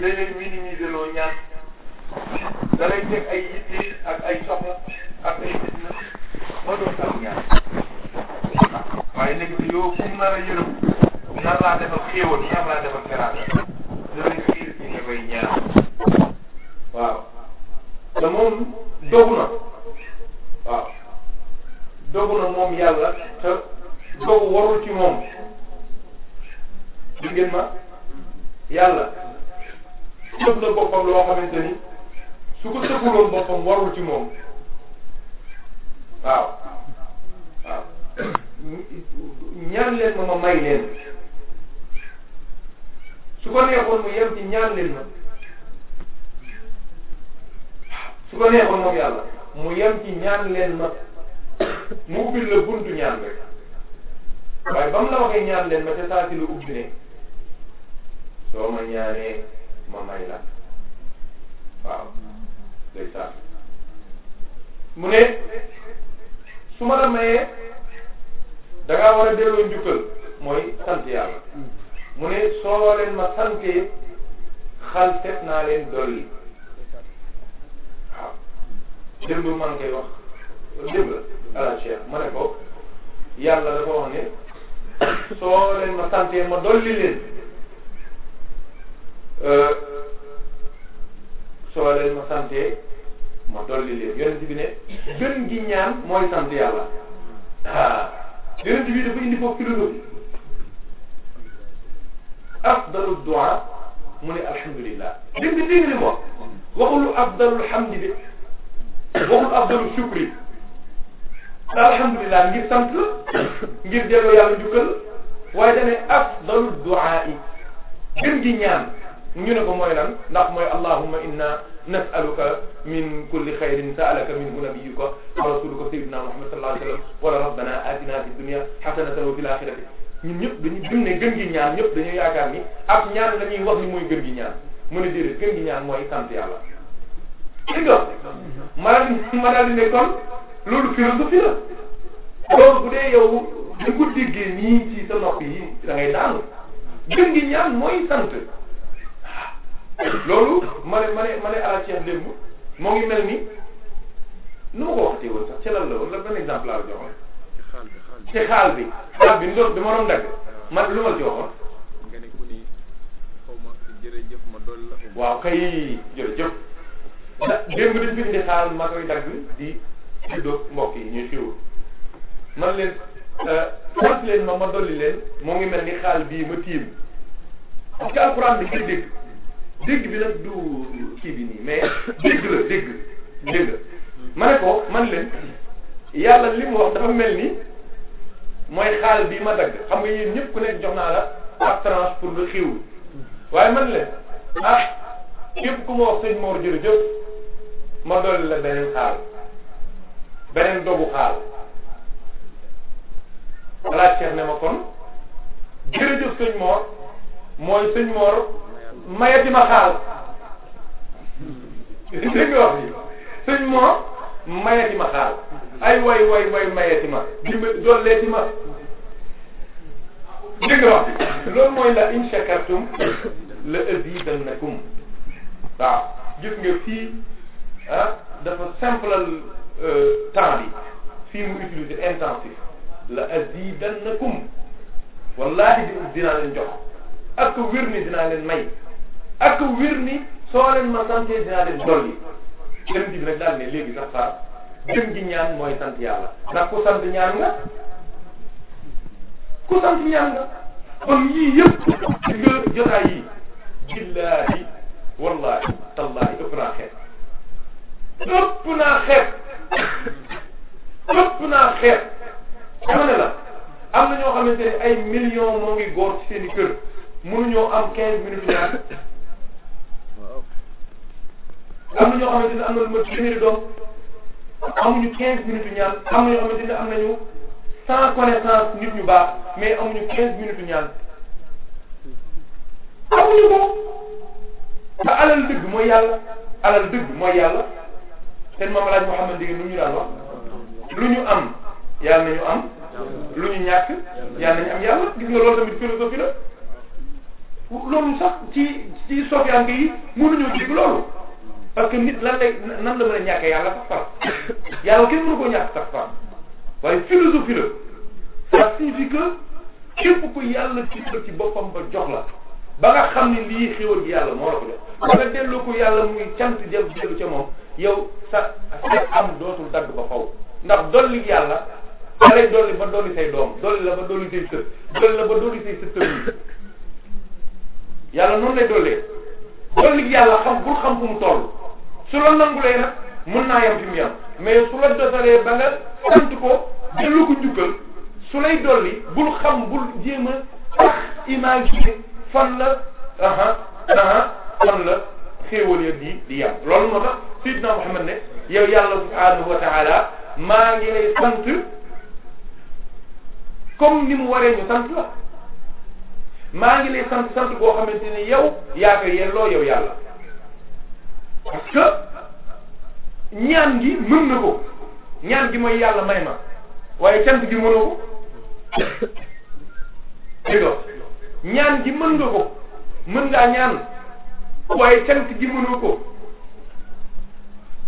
day leen minimiser loo ñaan da lay teg ay yitte ak ay soxla ak ay fitna ba doon taw ñaan waaye nekk bi yow fu mu nar a yërëm nar laa defal xéewal nar laa defal teraanga da lay xiir ci nga koy ñaan waaw te moom dogu na waaw dogu na moom yàlla te dogu warul ci moom dégg ngeen ma yàlla. jëf na boppam loo xamante ni su ko sëfuloon boppam warul ci moom waaw waaw ñaan leen ma ma may leen su ko neexoon mu yem ci ñaan leen ma su ko neexoon moom yàlla mu yem ci ñaan leen ma mu ubbil la buntu ñaan rek waaye ba mu la waxee ñaan ma te saa si lu ne soo ma moom may waaw day saa mu ne su ma la mayee da ngaa war a delloo njukkal mooy sant yàlla mu ne soo leen ma santee xal set naa leen dolli waaw démb man koy wax démb ala cheikh ma ne ko yàlla dafa wax ne soo leen ma santee ma dolli leen Euh, soo leen ma sante ma dolli leen yonent bi ne gën gi ñaan mooy sant yàlla ah yonent bi dafa indi foofu philosophie afdalu du'a mu ne alhamdulillah dégg nga dégg li mu wax waxul afdalu hamdi bi waxul afdalu shukri alhamdulillah ngir sant ngir delloo yàlla njukkal waaye dañuy afdalu du'a yi gën gi ñaan. ñu ne ko mooy lan ndax mooy allahumma inna nasaluka min kulli xayrin saalaka minhu nabiyuka wa rasuluka sayidina muhammad sallallahu alayhi wa sallam wala rabbana atina fi dunia xasanatan wa fil axirati ñun ñëpp dañu gëm ne gën gi ñaan ñëpp dañu yaakaar ni ab ñaan la ñuy wax ni mooy gën gi ñaan mu ne déedéet gën gi ñaan mooy sant yàlla li nga ma ma daal di ne kon loolu philosophie la loolu bu dee yow di ko déggee nii ci sa nopp yi da ngay daanu gën gi ñaan mooy sant loolu ma ne ma ne ma ne ala Cheikh démb moo ngi mel ni nu ma ko waxatee woon sax ci lan la woon la benn exemple laa la joxoon ci xaal bi xaal bi ndox bi ma doon dagg man lu ma joxoon nga ne ku ni xaw ma jërëjëf ma dool la waaw kay jërëjëf da démb dañ fi indi xaal ma koy dagg di ci dóog mbokk yi ñuy siiw man leen euh, sant leen ma ma dolli leen moo ngi mel ni xaal bii ma tiim parce que alxuraan bi ngay dégg dégg bi nag du kii bi nii mais dégg la dégg dégg ma ne ko man leen yàlla li mu wax dafa mel ni mooy xaal bii ma dagg xam nga yéen ne ku nekk jox naa la apparence pour nga xiiw waaye man leen ah képp ku ma wax sëñ Mor jërëjëf ma dolli la beneen xaal beneen dogu xaal walla Cheikh ne ma kon jërëjëf sëñ Mor mooy sëñ Mor mayati ma xaal dégg nga wax bi sëñ moo mayati ma xaal ay way way way mayati ma dimba dolleeti ma dégg nga wax bi loolu mooy la in shakartum la azidannakum waaw gis nga fii ah dafa simplal euh, temps bi fii mu utiliser intensif la azidannakum wallaahi di dinaa leen jox ak wér ni dinaa leen may ak wér ni soo leen ma santee dinaa leen dolli dem di rek daal ne léegi sax sax gën gi ñaan mooy sant yàlla ndax ku sant ñaan nga ku sant ñaan nga kon yii yëpp ci nga jotaay yi billaahi wallaahi tallaahi ëpp naa xeet ëpp naa xeet ëpp naa xeet dama ne la am na ñoo xamante ne ay millions moo ngi góor ci seen i kër mënuñoo am quinze minutes ñaan am na ñoo xamante ne am na lu mat téeméeri doom amuñu quinze minutes ñaan am na ñoo xamante ne am nañu sans connaissance nit ñu baax mais amuñu quinze minutes ñaan amuñu ko te alal dëgg mooy yàlla alal dëgg mooy yàlla seen maam laaj Mouhamad Ndieguène lu ñu daan wax lu ñu am yàlla nañu am lu ñu am yàlla gis nga loolu tamit philosophie la loolu sax ci ci sofiyanke yi mënuñoo dégg loolu parce que nit lan lay nan la mën a ñàkkee yàlla sax far yàlla kenn mënu koo ñàkk sax far waaye philosophie la ça signifie que képp ku yàlla ci ci boppam ba jox la ba nga xam ne lii xéwal gi yàlla moo ko def mu nga delloo ko yàlla muy cant jëm jëlu ca moom yow sa sa am dootul dagg ba faw ndax dolli yàlla da lay dolli ba dolli say doom dolli la ba dolli say sët dolli la ba dolli say sët yàlla noonu lay dollee dolli yàlla xam bul xam fu mu toll su la nangulee nag mën naa yem fi mu yem mais su la dosalee ba nga sant ko dellu su lay dolli bul xam bul jéem a fan la aha aha fan la xéewal ya di di yem loolu moo tax sidna Muhammad ne yow yàlla subhanahu wa taala maa ngi lay sant comme ni mu waree ñu la maa ngi lay sant sant boo xamante ne yow yaa ko yelloo yow yàlla parce que ñaan gi mën na ko ñaan gi mooy yàlla may ma waaye cant gi mënoo ko dégg nga ñaan gi mën nga ko mën ngaa ñaan waaye cant gi mënoo ko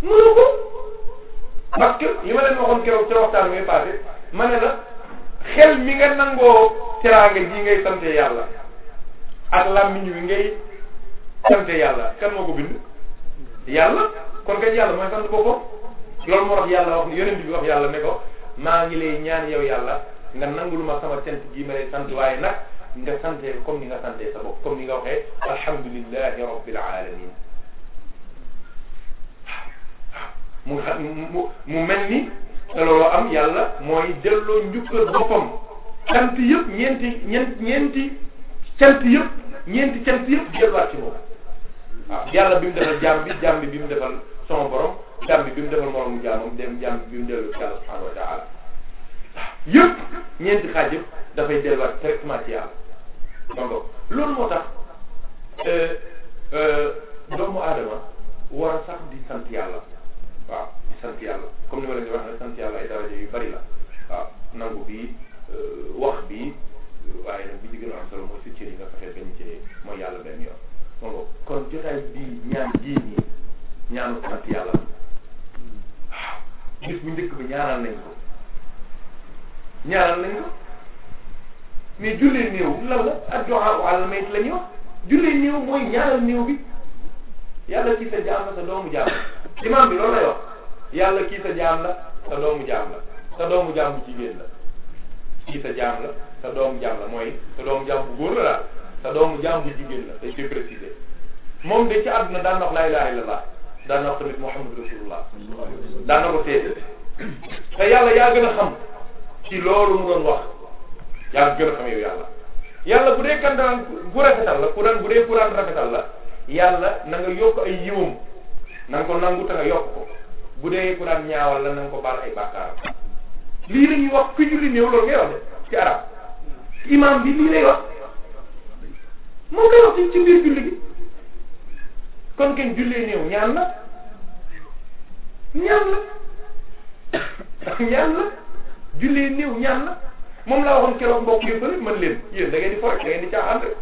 mënoo ko parce que li ma leen waxoon keroog ca waxtaan wi passé ma ne la xel mi nga nangoo teraanga ji ngay sante yàlla ak làmmiñ wi ngay sante yàlla kan moo ko bind yàlla kon kañ yàlla mooy sant boppam loolu moo tax yàlla wax ni yonent bi wax yàlla ne ko maa ngi lay ñaan yow yàlla nga nangul ma sama cant gii ma sant waaye nag nga santee comme ni nga santee sa bopp comme ni nga waxee alhamdulillahi rabbil alamin mu mu mel ni te am yàlla mooy delloo njukkal boppam cant yëpp ñeenti ñeent ñeenti cant yëpp ñeenti cant yëpp delluwaat ci moom waaw bi mu defal jaam bi jaam bi bi mu defal sama borom jaam bi bi mu defal moromu jaamam dem jaam bi bi mu dellu ci yàlla subhanahu wa taala yëpp ñeenti xaaj yëpp dafay delluwaat directement ci yàlla donc loolu moo tax euh, euh, doomu aadama di sant yàlla sant yàlla comme ni ma leen di wax nag sant yàlla ay daraja yu bari la waaw nangu bi euh, wax bi euh, waaye nag bi ci gën a am solo mooy si cër yi nga fexe bañ cee mooy yàlla benn yoon moom la kon jotaay bii ñaan jii nii ñaanu sant yàlla la waaw bis bu njëkk bi ñaanal nañ ko ñaanal nañ ko mais jullee néew lan la ak joxaaru àll mayt la ñuy wax jullee néew mooy ñaanal néew bi yàlla ci sa jaam sa doomu jaam imaam bi loolu lay wax yàlla kii sa jaam la sa doomu jaam la sa doomu jaam bu jigéen la kii sa jaam la sa doomu mooy sa doomu jaam bu la sa doomu jaam bu jigéen la dañ koy préciser moom de ci àdduna daan na wax laa ilaha illallah daan na wax muhammad rasulullah daan na ko seede te yàlla yaa gën a xam ci loolu mu doon wax yaa gën a yàlla bu dee kan daan bu rafetal la ku daan bu dee ku daan la yàlla na nga yokk ay yiwam na nga ko nangu te nga ko bu dee ku daan ñaawal la na nga ko baal ay bàkkaaram lii la ñuy wax ku julli néew loolu ngay wax imam bi lii lay wax moo koy wax ci ci biir julli gi kon kenn jullee néew ñaan la ñaan la ñaan la jullee néew ñaan la moom laa waxoon keroog mbokk yëpp rek mën leen yéen da ngeen di fo rek da ngeen di caaxaan rek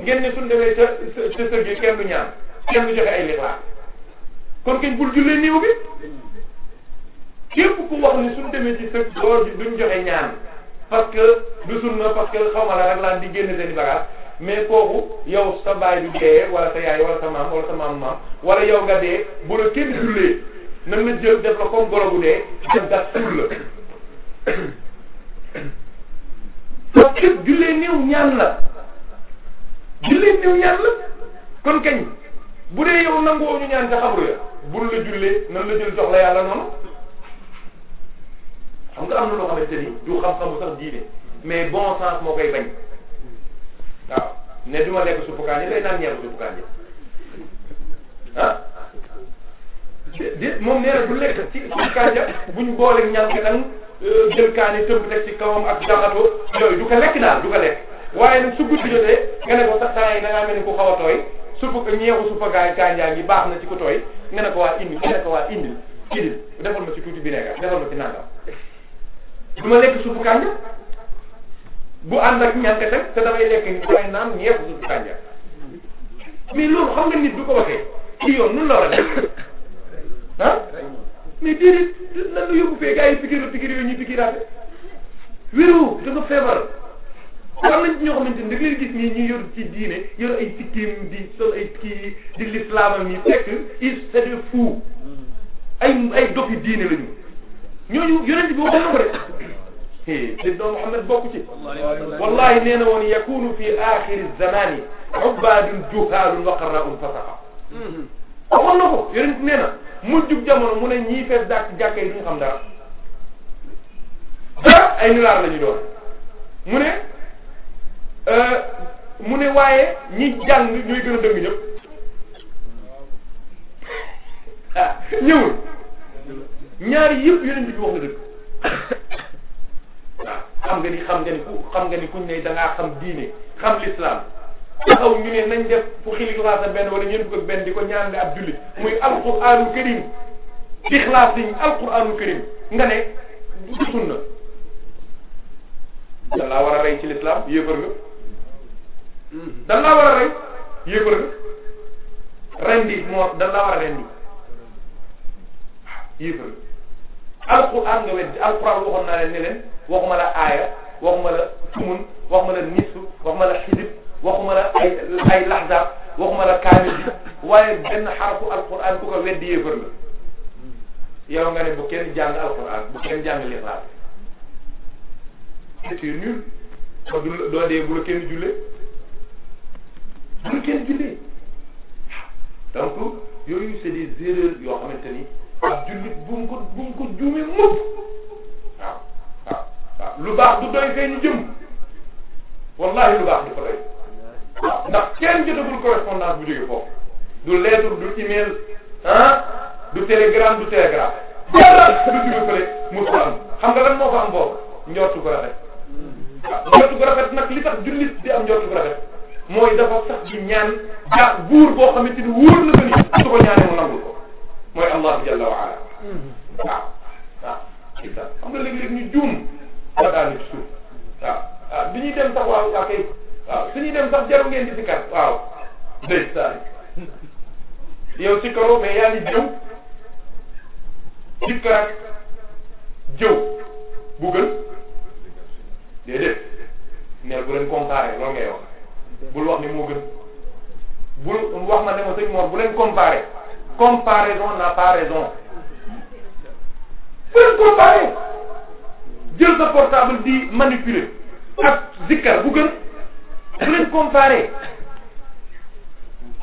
ngeen ne suñ demee ca ca sëg yi kenn du ñaan kenn du joxe ay lixlaar kon kañ bul jullee néew bi képp ku wax ni suñ demee ci sëg doo duñ joxe ñaan parce que du sunna parce que xaw ma la rek laan di génn seen i mais kooku yow sa wala sa yaay wala sa maam wala sa maam maam wala yow nga de bu la kenn jullee nan la jël def la comme golo bu dee jël gas suul la parce que jullee néew ñaan kon kañ bu dee yow nangoo ñu ñaan sa xabru ya bul la jullee nan la jël jox la yàlla noonu xam nga am na loo xamante ni du xam-xamu sax diine mais bon sens moo koy bañ waaw ne du ma lekk suppu kànja day naan ñeeru suppu kànja ah moom nee na bu lekk ci suppu kànja buñ booleeg ñaar nga daan jël kaani tëmb teg ci kawam ak jaxato yooyu du ko lekk daal du ko lekk waaye nag su guddi jotee nga ne ko sax temps yi da ngaa mel ni ku a tooy. suppu ñeexu suppa gaay kànjaa gi baax na ci ku tooy nga ne ko waa indil nga ne ko waa indil indil defal ma ci tuuti vinaigre defal ma ci nangam du ma lekk suppu kànja bu ànd ak ñànk teg te damay lekk damay naan ñeexu suppu kànja mais loolu xam nga du ko waxee ci yoon nun la war a def ah mais déedéet lan la yóbbu fee gars yi pikir pikir yooyu ñuy pikiraate wéru da nga feebar am nañ ci ñoo xamante ni nekkul ci diine yor ay sikkim di sol ay kii di lislaamam yi ay dofi diine la ñu ñooñu yonent bi waxoon na ko de di doon Muhammad bokk ci wallahi nee na woon fi axiri zamani ubbaadun juhaalun wa qarraa'un fasaqa waxoon na ko yonent nee na mujjug jamono mu ne ñii fees dàkk jàkka yi duñu xam dara ay nulaar la ñu doon mu ne euh, mu ne waaye ñi jàng ñooy gën a dëng ñëpp ah ñëwul ñaari yëpp yonent bi wax na dëgg waaw ah, xam nga ni xam nga ni ku xam nga ni kuñ ne da xam diine xam l'islam taxaw ñu ne nañ def fu xilixlaasa benn wala ñeen ko benn di ko ñaan nga ab jullit muy alquranu karim ixlaas liñ alquranu karim nga ne sunna da laa war a rey ci l'islam yéefar nga Mm-hmm. dan laa war a rey yéefar nga rendi moo dan laa war a rendi yéefar alquran nga weddi alquran waxoon naa leen ne leen waxuma la aaya waxuma la sumun waxuma nisu waxuma la xidib waxuma la ay ay laxzaab waxuma la kaamil bi waaye benn xarfu alquran weddi yéefar la yow nga ne bu kenn jàng alquran bu kenn jàng lixlaas c'est nul ko du doo dee bu kenn julle man kenn jullee donc yoo xamante ni ak jullit bu mu ko bu mu ko juumee mukk waaw waaw waaw lu baax du doy fee ñu jëm wallahi lu baax du ko doy waaw ndax kenn jotagul correspondance bu jógee foofu du lettre du email du télégramme du télégramme dara du jóge fële musul am xam nga lan moo fa am boobu njortu ko rafet waaw njortu ko rafet nag li tax jullit di am njortu ko rafet mooy dafa sax di ñaan ja buur boo xamante ni wóor na ko ni su ko ñaanee mu nangul mooy allah jalla wa ala mm-hmm. waaw waaw isa xam nga léeg-léeg ñu juum da daanu ci suuf waaw waaw dem sax waaw waa kay waaw su ñuy dem sax jaru ngeen di si kat waaw day saay yow si karo mais yaa ngi jëw ci karak jëw bu gën déedéet mais bu leen comparé loolu bul wax ni moo gën bul wax ma ne ma sëñ Mor bu leen comparé comparaison n'a pas raison bu leen comparé jël sa portable di manipuler ak zikkar bu gën bu leen comparé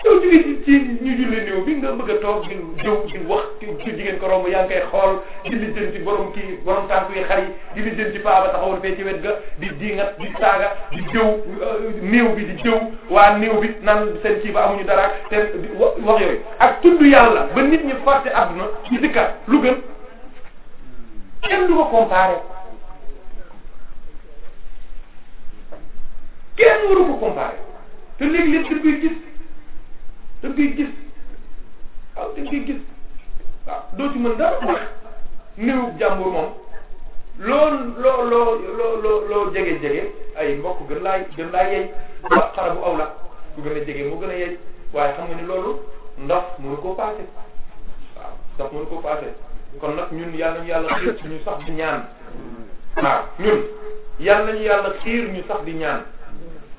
yow jigéen ci ñu julli néew bi nga bëgg a toog di jëw di wax ci jigéen ko romb yaa xool di lijjanti borom kii borom tànk yi xar yi di lijjanti paa ba taxawal fee ci wet ga di dingat di saaga di jëw euh, néew bi di jëw waa néew bi naan seen ba amuñu dara te wax yooyu ak tudd yàlla ba nit ñi fàtte àdduna ci dikkat lu gën kenn du ko comparé kenn waru ko comparé te léegi lépp da koy gis da nga koy gis waaw da gis waaw doo ci mën dara ndax néew jàmbur moom loo loo loo loo loo jege jege ay mbokk gën laa gën laa yey ndax xarabu aw la ku gën a jege moo gën a yey waaye xam nga ni loolu ndax mënu koo paase waaw ndox mënu koo kon nag ñun yàlla ñu yàlla xiir ñu di ñaan waaw ñun yàlla ñu yàlla xiir ñu sax di ñaan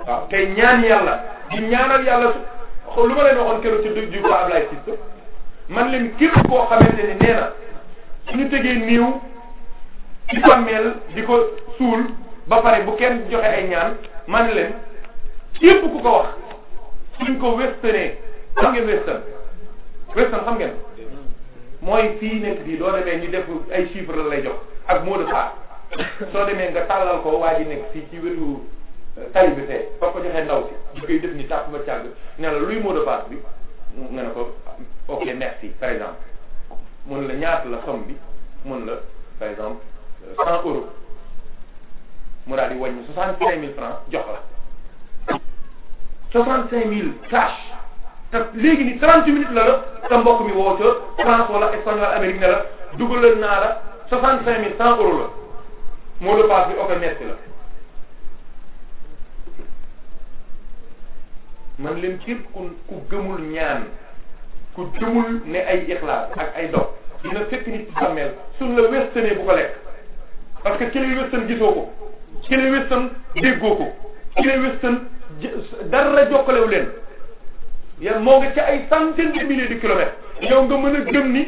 waaw tey ñaan yàlla di ñaanal yàlla xool lu ma leen waxoon keroog ci dëgg yu ko Ablaye man leen képp koo xamante ni nee na suñu tegee néew ci bàmmeel di ko suul ba pare bu kenn joxe ay ñaan man leen képp ku ko wax suñ ko westerné xam ngeen western western xam ngeen mooy fii nekk fii doo demee ñu def ay chiffres la lay jox ak mot de soo demee nga tàllal ko waa ji nekk fii ci wetu. tali bi fee ba ko joxee ndaw si ñu koy def ni tàpp ma càgg ne la luy mot de passe bi nga ne ko ok merci par exemple mun la ñaata la somme bi mun la par exemple cent euros mu daal di wàññi soixante cinq mille francs jox la soixante cinq mille cash te léegi ni trente minutes la la sa mbokk mi woo ca France wala Espagne wala Amérique ne la dugalal naa la soixante cinq mille la mot de passe bi ok merci la man leen képp ku ku gëmul ñaan ku jëmul ne ay ixlaas ak ay dog dina fekk nit ci bàmmeel la westane bu ko lekk parce que ki lay westan gisoo ko ki lay déggoo ko ki lay westan dara jokkalewu leen yow moo nga ca ay centaine de milliers de kilomètres yow nga mën a gëm ni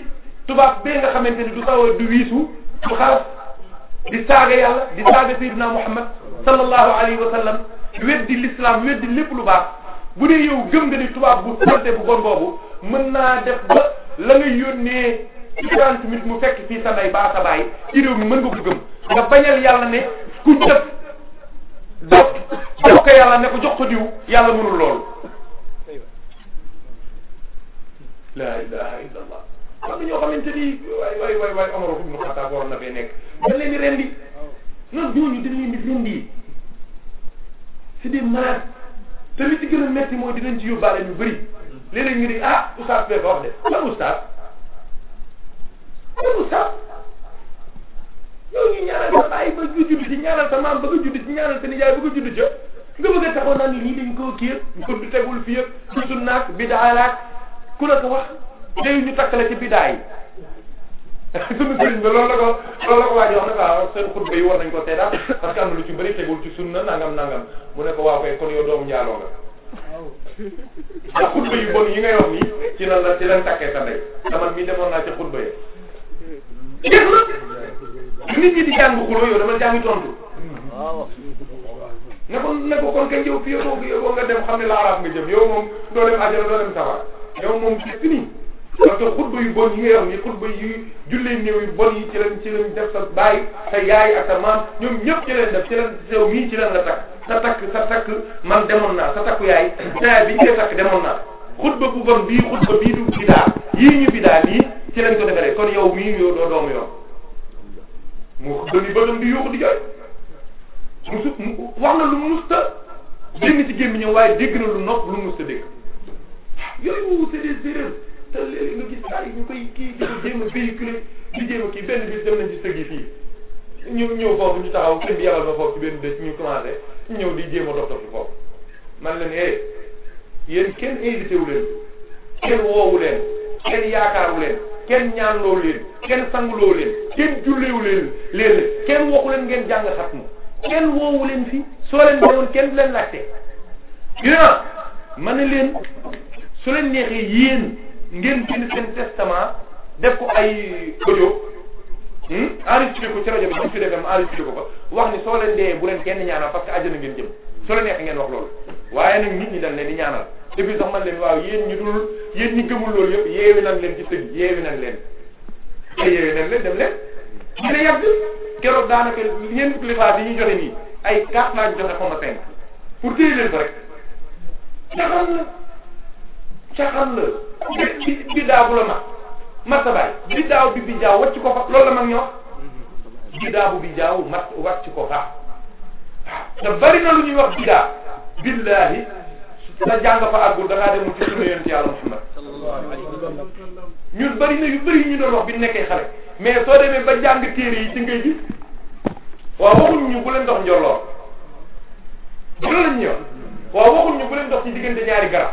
tubaab bee nga xamante ni du sawa du wiisu du xaras di saaga yàlla di saaga sayyidina Muhammad sallallahu alayhi wa sallam weddi l'islam weddi lépp lu baax bu dee yow gëm nga ni tubaab bu fonte bu bon boobu mën naa def ba la nga yónnee ci trente minutes mu fekk fii sa ndey baa sa baay ci réew mi mën nga ko gëm nga bañal yàlla ne ku def def def ko yàlla ne ko jox ko diw yàlla mënul loolu laa ilaha illa allah am na ñoo xamante ni waay waay waay waay Omar ibn Khattab waroon na fee nekk dañ leen di rendi noonu ñooñu dañ leen di rendi c'est des malades te li ci gën a metti mooy dinañ ci yóbbaale ñu bëri léeg-léeg ñu di ah oustaz bee ko wax de lan oustaz lan oustaz yow ñu ñaanal sa bàyyi ba nga judd ci ñaanal sa maam ba nga judd ci ñaanal sa nijaay ba nga judd ca nga bëgg a taxaw naan lii dañ koo kii yëpp du tegul fii yëpp du sunnaak bidaalaak ku la ko wax léegi ñu takk la ci sunu sëriñ ba loolu la ko loolu la ko waaj wax ne waaw ah, seen xutba yi war nañ ko seedaat parce que am na lu ci bëri tegul ci sunna nangam nangam mu ne ko waaw kay kon yow doomu njaaloo nga ndax xutba yu bon yi ngay wax nii ci lan la ci lan takkee sa ndey dama mii demoon naa ca xutba yi jeex na lu nit ñi di jàng xuloo yow dama jàng tontu ne ko ne ko kon kañ yow fi yow nga dem xam ne la arab nga jëm yow moom doo dem àjjana doo dem safara yow moom ci fini parce que yu bon yi nga xam ni xutba yu jullee néew yu bon yi ci leen ci leen def sa baay sa yaay ak sa maam ñoom ñëpp def ci leen sew mii ci leen la takk sa takk sa takk man demoon naa sa takku yaay sa yaay bi ñu koy takk demoon naa xutba bu bon bii xutba bii du bidaa yii ñu bidaa lii ci leen ko defaree kon yow mii yow doo doomu yoon mu xutba ni bëgam di yuuxu di jooy mu su wax na lu musta génn ci gémmiñam waaye dégg na lu te léegi nga gis gars yi ñu koy kii di ko jéem a véhiculer di jéem a kii benn bis dem nañ ci sëg yi fii ñu ñëw foofu ñu taxaw sëñ bi yabal ma foofu ci benn bés ñu commencé ñëw di jéem a man leen eh yéen kenn invité wu leen kenn woowu leen kenn yaakaaru leen kenn ñaanloo leen kenn sanguloo leen kenn jullewu leen leen kenn waxu leen ngeen jàng xatmu kenn woowu leen fii soo leen demoon kenn du leen laajte. dina ma ne leen su ngeen bind seen testament def ko ay audio hmm, enregistré ko ci rajo bi bu ñu ci defee mu enregistré ko ba wax ni soo leen dee bu leen kenn ñaanal parce que àjjana ngeen jëm soo leen neex ngeen wax loolu waaye nag nit ñi dañ leen di ñaanal et puis sax man leen waaw yéen ñu dul yéen ñi gëmul loolu yëpp yeewi nañ leen ci sëñ yeewi nañ leen te yeewi nañ leen dem leen ñu ne yàgg keroog daanaka ñeent climat yi ñu joxe nii ay quatre laaj joxe xaw ma cinq pour téye leen caxaan la bi bi daaw bu la mag masa baay bi daaw bi bi jaaw wàcc ko fa loolu la ma ñoo bi daaw bi jaaw mat wàcc ko fa te bari na lu ñuy wax bi daaw billahi sa jàng fa àggul da ngaa dem ci sunna yonent yàlla Muhammad ñun bari na yu bari yu ñu doon wax bi nekkee xale mais soo demee ba jàng téere yi ci ngay gis waaw waxuñ ñu bu leen dox njolloor loolu lañ ñëw waaw waxuñ ñu bu leen dox ci diggante ñaari garab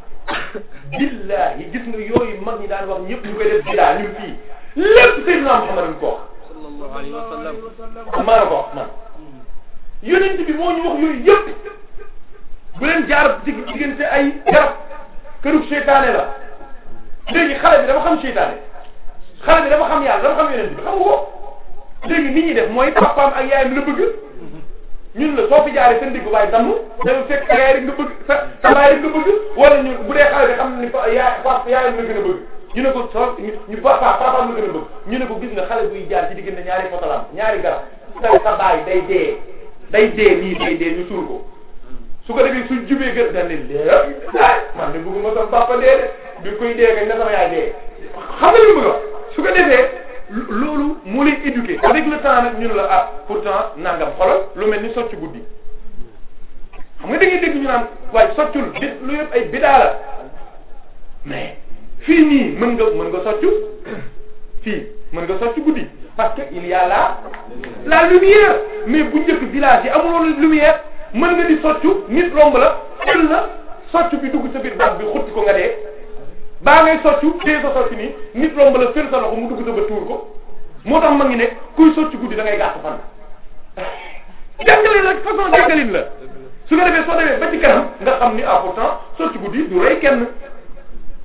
billahi gis nga yooyu mag ñi daan wax ñëpp ñu koy def bidaa ñun fii lépp Seydina Muhammad ñu ko wax. sallallahu alayhi wa sallam. maa ko man. yonent bi moo ñu wax yooyu yëpp bu leen jaar dig diggante ay garab kërug seytaane la léegi xale bi dafa xam seytaane xale bi dafa xam yàlla dafa xam yonent bi xam nga ko léegi nit ñi def mooy papaam ak yaayam la bëgg. ñun la soo fi jaaree sa ndigg waaye damm dafa fekk sa yaay rek nga bëgg sa sa baay rek nga wala ñun bu dee xale bi xam ne yaa papa yaayam la gën a bëgg ñu ne ko soo ñu papa papa la gën a bëgg ñu ne ko gis nga xale buy jaar ci diggante ñaari potalam ñaari garab sa sa baay day dee day dee nii day dee ñu suur ko su ko defee suñ jubee gër dañ leen dee man de bëgguma sama papa dee de bi koy dee kañ na sama yaay dee xam nga li mu bëgg su ko defee loolu moo lay éduqué avec le temps nag ñun la ah pourtant nangam xolal lu mel ni socc guddi xam nga da dégg ñu naan waaye soccul bit lu yëpp ay la mais fii nii mën nga mën nga soccu fii mën nga socc guddi parce que il y a là lumière mais bu njëkk village yi amuloon lumière mën nga di soccu nit romb la ël la socc bi dugg sa biir bopp bi xutti ko nga dee baa ngay soccu téye sa soccu nii nit romb la fër sa loxo mu sa ba ko moo tax ma ngi nekk kuy soccu guddi da ngay gàtt fan. jàngalin la façon jàngalin la su ko defee soo demee ba ci kanam nga xam ni ah pourtant soccu guddi du rey kenn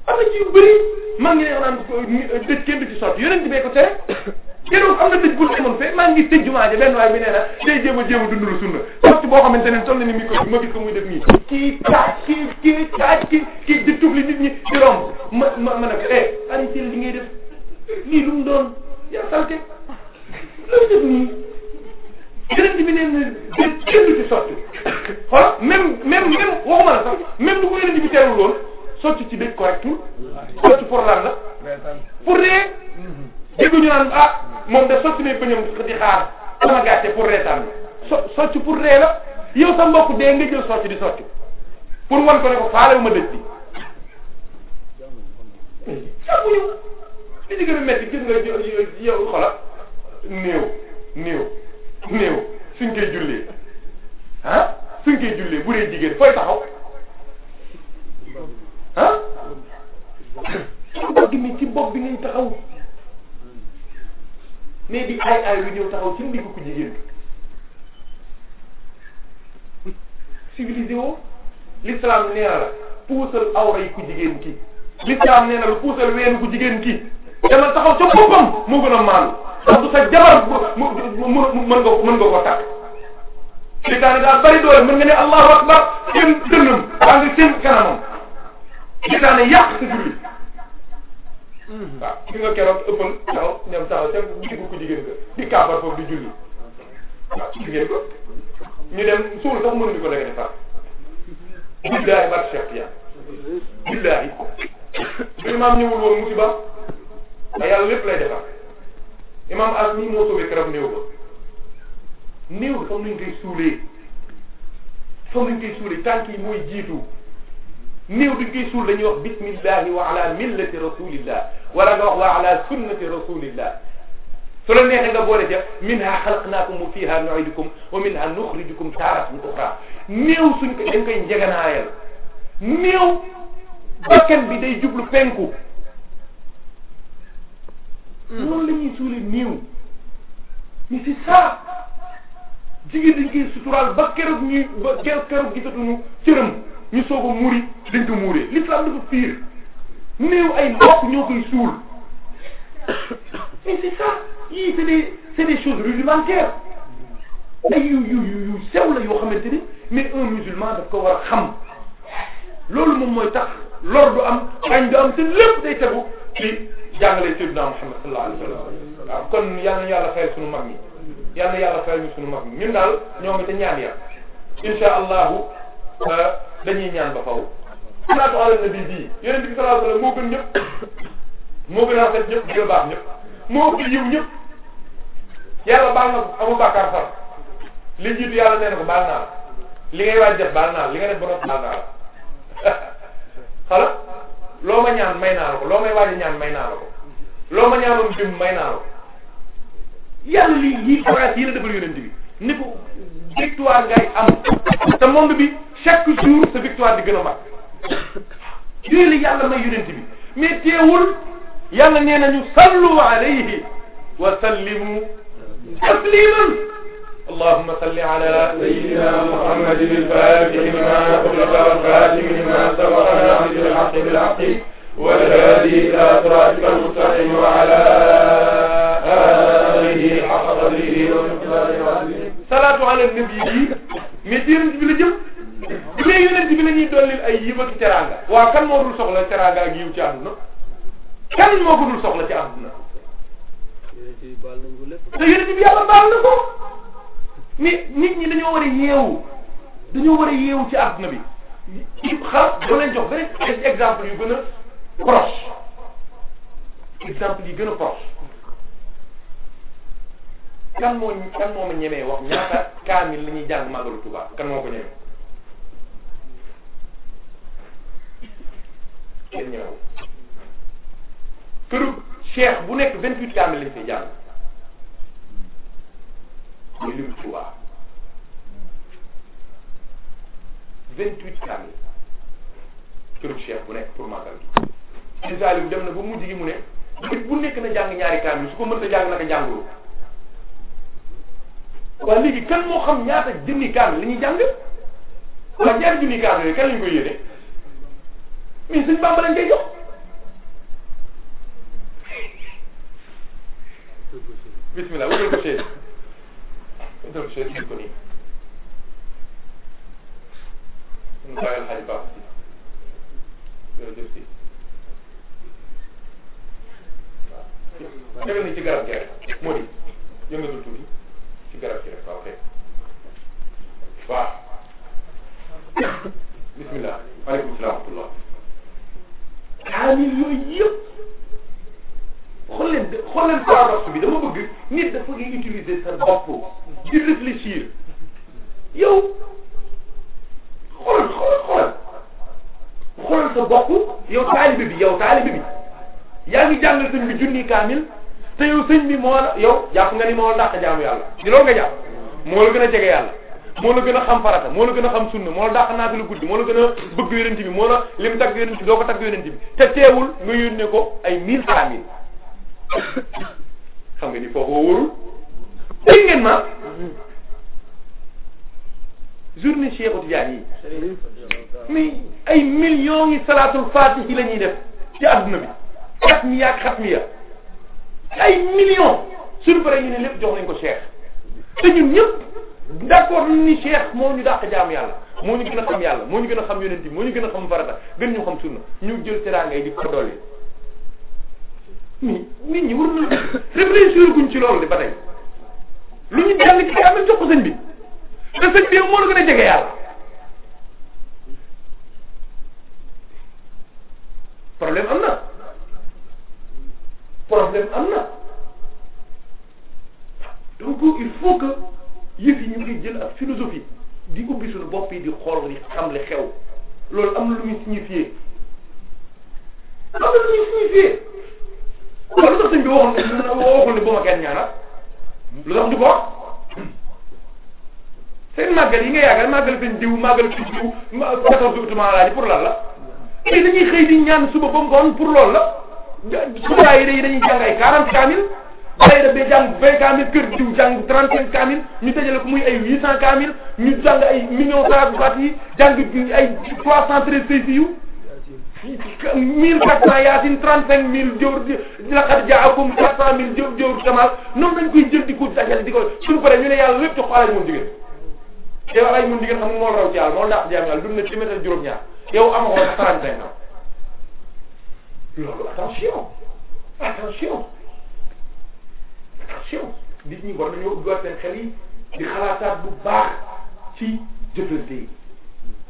am na ci yu bëri maa ngi ne naan dëj kenn du ci soccu yeneen ci bee ko te keroog am na tëj bunt moon fe maa ngi tëj jumaa ja benn waay bi nee na day jéem a jéem a dundul sunna sotti boo xamante ne toll na ni micro bi ma gis ko muy def nii kii taaj kii kii taaj kii kii di tufli ma ma ma ne ko eh arrêté li ngay def lii lu mu doon salte looy def nii yeneen bi nee na dé kenn du ci sotti xoola même même même waxuma la sax même ko yeneen bi teewul woon sotti ci dëj correctul la dégguñu naan ah moom de sotti nañ bëñam di xaar sama gàcce pour reetaan so socc pour ree la yow sa mbokk dee nga jël socc di socc pour wan ko ne ma faale wu ma dëj bi jàpp yow li ci gën a métti gis nga yow xola néew néew néew suñ koy jullee ah suñ koy jullee bu dee jigéen fooy taxaw ah. ci bopp bi ngay taxaw. mais di ay ay lu ñëw taxaw ci ndiggu ku jigéen civilisé woo l'islam nee na la puusal awra yi ku jigéen ki l'islam nee na la puusal weenu ku jigéen ki demal taxaw ca boppam moo gën a maanu ndax du sa jabar mu mën nga mën nga ko tàkk seytaane daa bari doole mën nga ne allahu akbar seen dënnam waa ngi seen kanamam seytaane yàq sa julli Mm-hmm. waaw ki nga keroog ëppal taxaw ñoom taxaw ca diggu ko jigéen ka di kaabar foofu di julli waaw gis ngeen ko ñu dem suul sax mënuñu ko nekk defar billaahi bat Cheikh Tidiane billaahi suñu maam ñëwul woon musiba ndax yàlla lépp lay defar imam as mii moo sauvé keroog néew ba néew bi fam nañ koy suulee fam nañ koy suulee tànk yi mooy jiitu néew duñ koy suul dañuy wax bismillahi wa ala millati rasulillah wala nga wax wa ala sunnati rasulillah su la neexee nga boole ca minha xalaqnaakum wa fiha nuidukum wa minha nuxrijukum taaratan uxra néew suñ ko dañ koy njeganaayal néew bakkan bi day jublu penku loolu la ñuy suule néew mais c'est ça jigéen dañ koy suturaal ba keroog ñuy ba keroog gisatuñu cëram ñu soog a muuri dañ ko muuree l'islam dafa fiir néew ay mbokk ñoo koy suul mais c'est ça yii c'est des c'est des choses rudimentaires ay yu yu yu yu sew la yoo xamante ni mais un musulman daf ko war xam loolu moom mooy tax lor du am añ du am te lépp day tegu ci jàngale Seydina Muhammad sallallahu alayhi wa sallam waaw kon yal na yàlla fay sunu mag ñi yal na yàlla fay ñu sunu mag ñi ñun daal ñoo ngi te ñaan yàlla incha allahu dañuy ñaan ba faw salaatu ala nabi bii yonent bi sallallahu alayhi wasallam moo gën ñëpp moo gën a rafet ñëpp gën a baax ñëpp moo ëpp yiw ñëpp yàlla baal na ko amul bàkkaar far li jiitu yàlla nee na ko baal naa la li ngay waaj def baal naa la li nga def ba noppi baal naa la xala loo ma ñaan may naa la ko loo may waaj ñaan may naa la ko loo ma ñaanoon jëm may naa la ko yàlla lii yii oraas yi la defal yonent bi ni ko victoire ngay am te monde bi chaque jour sa victoire di gën a mag yooyu la yàlla may yonent bi mais teewul yàlla nee nañu sallu alayhi wa sallimu tasliman اللهم صل على سيدنا محمد الفاتح لما أغلق والخاتم لما سبق ناصر الحق بالحق والهادي إلى صراطك المستقيم وعلى آله حق قدره ومقداره salaatu ala nabi yi mais ci yonent bi la jëm bu dee yonent bi la ñuy dollil ay yiw ak teraanga waaw kan moo dul soxla teraanga ak yiw ci àdduna kan moo ko dul soxla ci àdduna te yonent bi yàlla baal na ko mais nit ñi dañoo war a yeewu dañoo war a yeewu ci àdduna bi xam doo leen jox beneen exemple yu gën a proche exemple yi gën a proche kan moo kan moo ma ñemee wax ñaata kaamil la ñuy jàng màggalu Tuubaa kan moo ko ñemee kenn ñemewu këru cheikh bu nekk vingt huit kaamil lañ fay jàng muy limu Tuubaa vingt huit kaamil këru cheikh bu nekk pour màggal gi sëñ Saliou dem na ba mujj gi mu ne nit bu nekk na jàng ñaari kaamil su ko mënta jàng naka waaw léegi kan moo xam ñaata junni kaamil li ñuy jàng waaw ñaari junni kaamil yooyu kan lañ koy yéene mais suñ bàmba lañ koy jox. bismillah wutal ko chaise wutal ko chaise ko nii. suñu bàyyi la xaaj baax si jërëjëf si waaw. ci garab ci def waaw kay waaw bismillah aleykum salaam wa rahmatullah kaamil yooyu yëpp xool leen xool leen paradoxe bi dama bëgg nit dafa ngay utiliser sa bopp di réfléchir yow xoolal xoolal xoolal xoolal sa bopp yow taalibe bi yow taalibe bi yaa ngi jàngal sëñ bi junni kaamil te yow sëñ bi moo la yow jàpp nga ni moo la dàq jaamu yàlla di loolu nga jàpp moo la gën a jege yàlla moo la gën a xam farata moo la gën a xam sunna moo la dàq naata lu guddi moo la gën a bëgg yonent bi moo a lim tagg yonent bi doo ko tagg yonent bi te teewul nga yónnee ko ay mille francs mille xam nga ni foofu wóorul dégg ngeen ma journée ya Tidiane yi mais ay millions ngi salaatul faatihi la ñuy def ci adduna bi xat mi yaag xat mi ya ay millions suñu paree ñu ne lépp jox nañ ko Cheikh te ñun ñëpp d'accord ni Cheikh moo ñu dàq jaam yàlla moo ñu gën a xam moo ñu gën a xam yonent bi moo ñu gën a xam farata gën ñu xam sunna ñu jël teraanga yi di ko dolli mais nit ñi war na réfléchir ci loolu de ba tey lu ñu jàng ci yàlla jox ko sëñ bi te sëñ bi moo la gën a jege yàlla problème am na donc il faut que yëf yi ñu ngi jël ak philosophie di ubbi suñu bopp yi di xool li xam li xew loolu am na lu muy signifié am na lu muy signifié waaw lu tax sëñ bi waxoon waxul ne bu ma kenn ñaanal lu tax du ko wax seen màggal yi nga yaakaar màggal seen diw màggal seen diw ma 14 août maa laaj pour lan la. tey dañuy xëy di ñaan suba ba ngoon pour loolu la. subaay yi dañuy jàng ay quarante kaamil bàyyi da bay jàng vingt kaamil kër diw jàng trente cinq kaamil ñu dajale ko muy ay huit cent kaamil ñu jàng ay million sarabu bat yi jàng ay trois cent treize seysi yu mille quatre cent yaasin trente cinq mille jóor laqad jaakum quatre cent mille jóor jóor kamal noonu dañ koy jël di ko dajale di ko suñu paree ñu ne yàlla lépp jox ko alaaj mun mun jigéen xam nga moo raw ci yàlla moo dàq jàngal dund na téeméer ak juróom-ñaar yow amoo trente cinq ans loolu attention attention attention nit ñi war nañoo ubbiwaat seen xel yi di xalaataat bu baax ci jëflante yi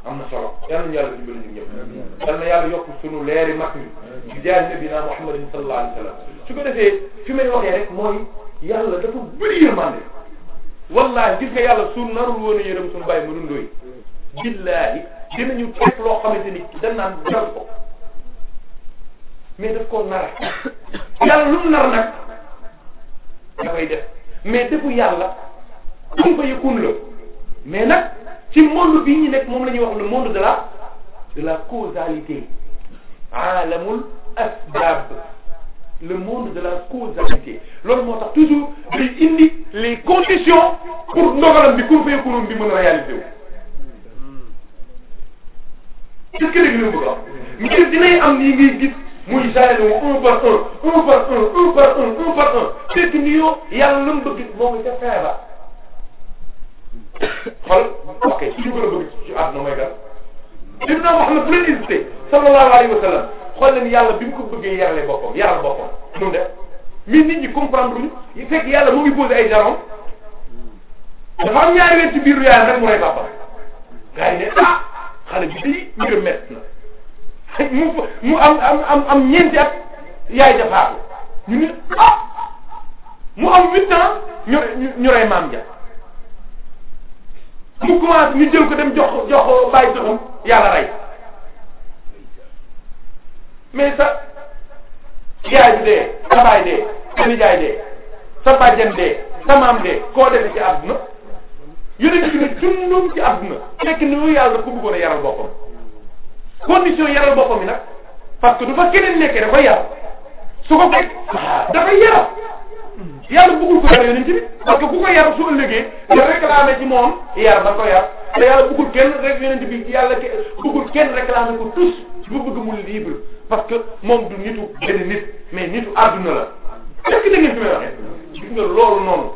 am na solo yal nañu yàlla dimbali ñun ñëpp yal na yàlla yokk sunu leeri mag ñi ci jaar nabina Muhammadin sallallahu alayhi wa sallam su defee fi may waxee rek mooy yàlla dafa bëri yërmande wallahi gis nga yàlla su narul woon a yërëm suñu bàyyi mënul doy billahi dinañu teg loo xamante ni dañ naan dal ko mais daf koo nar yàlla lu mu nar nag da koy def mais defu yàlla kun fa yëkkun la mais nag ci monde bii ñu nekk moom la ñuy wax le monde de la de la causalité alamul asbab le monde de la causalité loolu moo tax toujours day indi les conditions pour ndogalam bi kun fa yëkkunum bi mën a réaliser wu est-ce que dégg nga bëgg a wax mais am nii ngay gis muy jaayaloo un par un un par un un par un un par un fekk ni yow yàlla lu mu bëgg moo ngi ca fin ba xool ok ci gën a bëgg ci àdduna mooy gan dim naa wax la bu leen hésité sallallahu alayhi wa sallam xool leen yàlla bi mu ko bëggee yarale boppam yaral boppam nu mu def mi nit ñi comprendre ñu fekk yàlla mu ngi posé ay jalons dafa am ñaari weer ci biir yaayam rek mu rey papa gars yi ne ah xale bi day mbiram métti na mu mu am am am am ñeenti at yaay jafaatu ah! mu am huit ans ñu ñu rey maam ja mu commencé ñu jël ko dem jox jox bàyyi doxam yàlla rey mais sa yaay bi dee sa baay dee sa nijaay dee sa bàjjen dee sa maam dee koo defe ci àdduna yonent bi ne junnum ci àdduna fekk ni yàlla ku bëggoon a yaral condition yaral boppam yi nag parce que du fa keneen nekkee dafay yar su ko fekk dafay yar yàlla bëggul ko yar yonent bi parce que ku ko yar su ëllëgee yow réclamé ci moom yar da ko yar te yàlla bëggul kenn rek yonent bi yàlla bëggul kenn réclamé ko tous bu bëgg mu libre parce que moom du nitu benn nit mais nitu àdduna la est-ce que da ngeen fi may waxee gis nga loolu noonu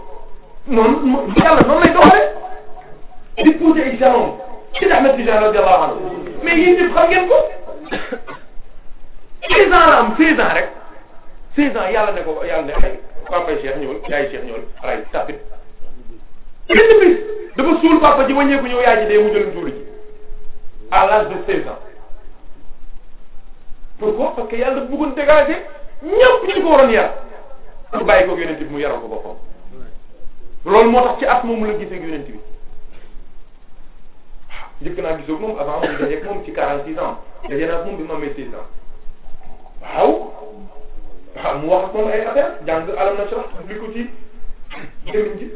noonu yàlla noonu lay doxale di pousser ay jalons ci Ahmed Tidiane radiyallahu anhu mais yéen ñëpp xam ngeen ko 16 ans la am 16 ans rek 16 ans yàlla ne ko yàlla ne xëy papa Cheikh ñëwal yaay Cheikh ñëwal ray tapit benn bis dafa suul papa ji wàññeeku ñëw yaay ji dee mu jël suul ji à l'âge de 16 ans pourquoi parce que yàlla dafa bëggoon dégager ñëpp ñu ko waroon yar pour bàyyi ko yonent bi mu yaral ko boppam loolu mo tax ci at moomu la gisee ak yonent bi njëkk naa gisoog moom avant moom dajeeg moom ci 46 ans daje moom bi mu amee 6 ans waaw waaw mu wax moom ay affaire alam na sax li ko ci jëriñ ji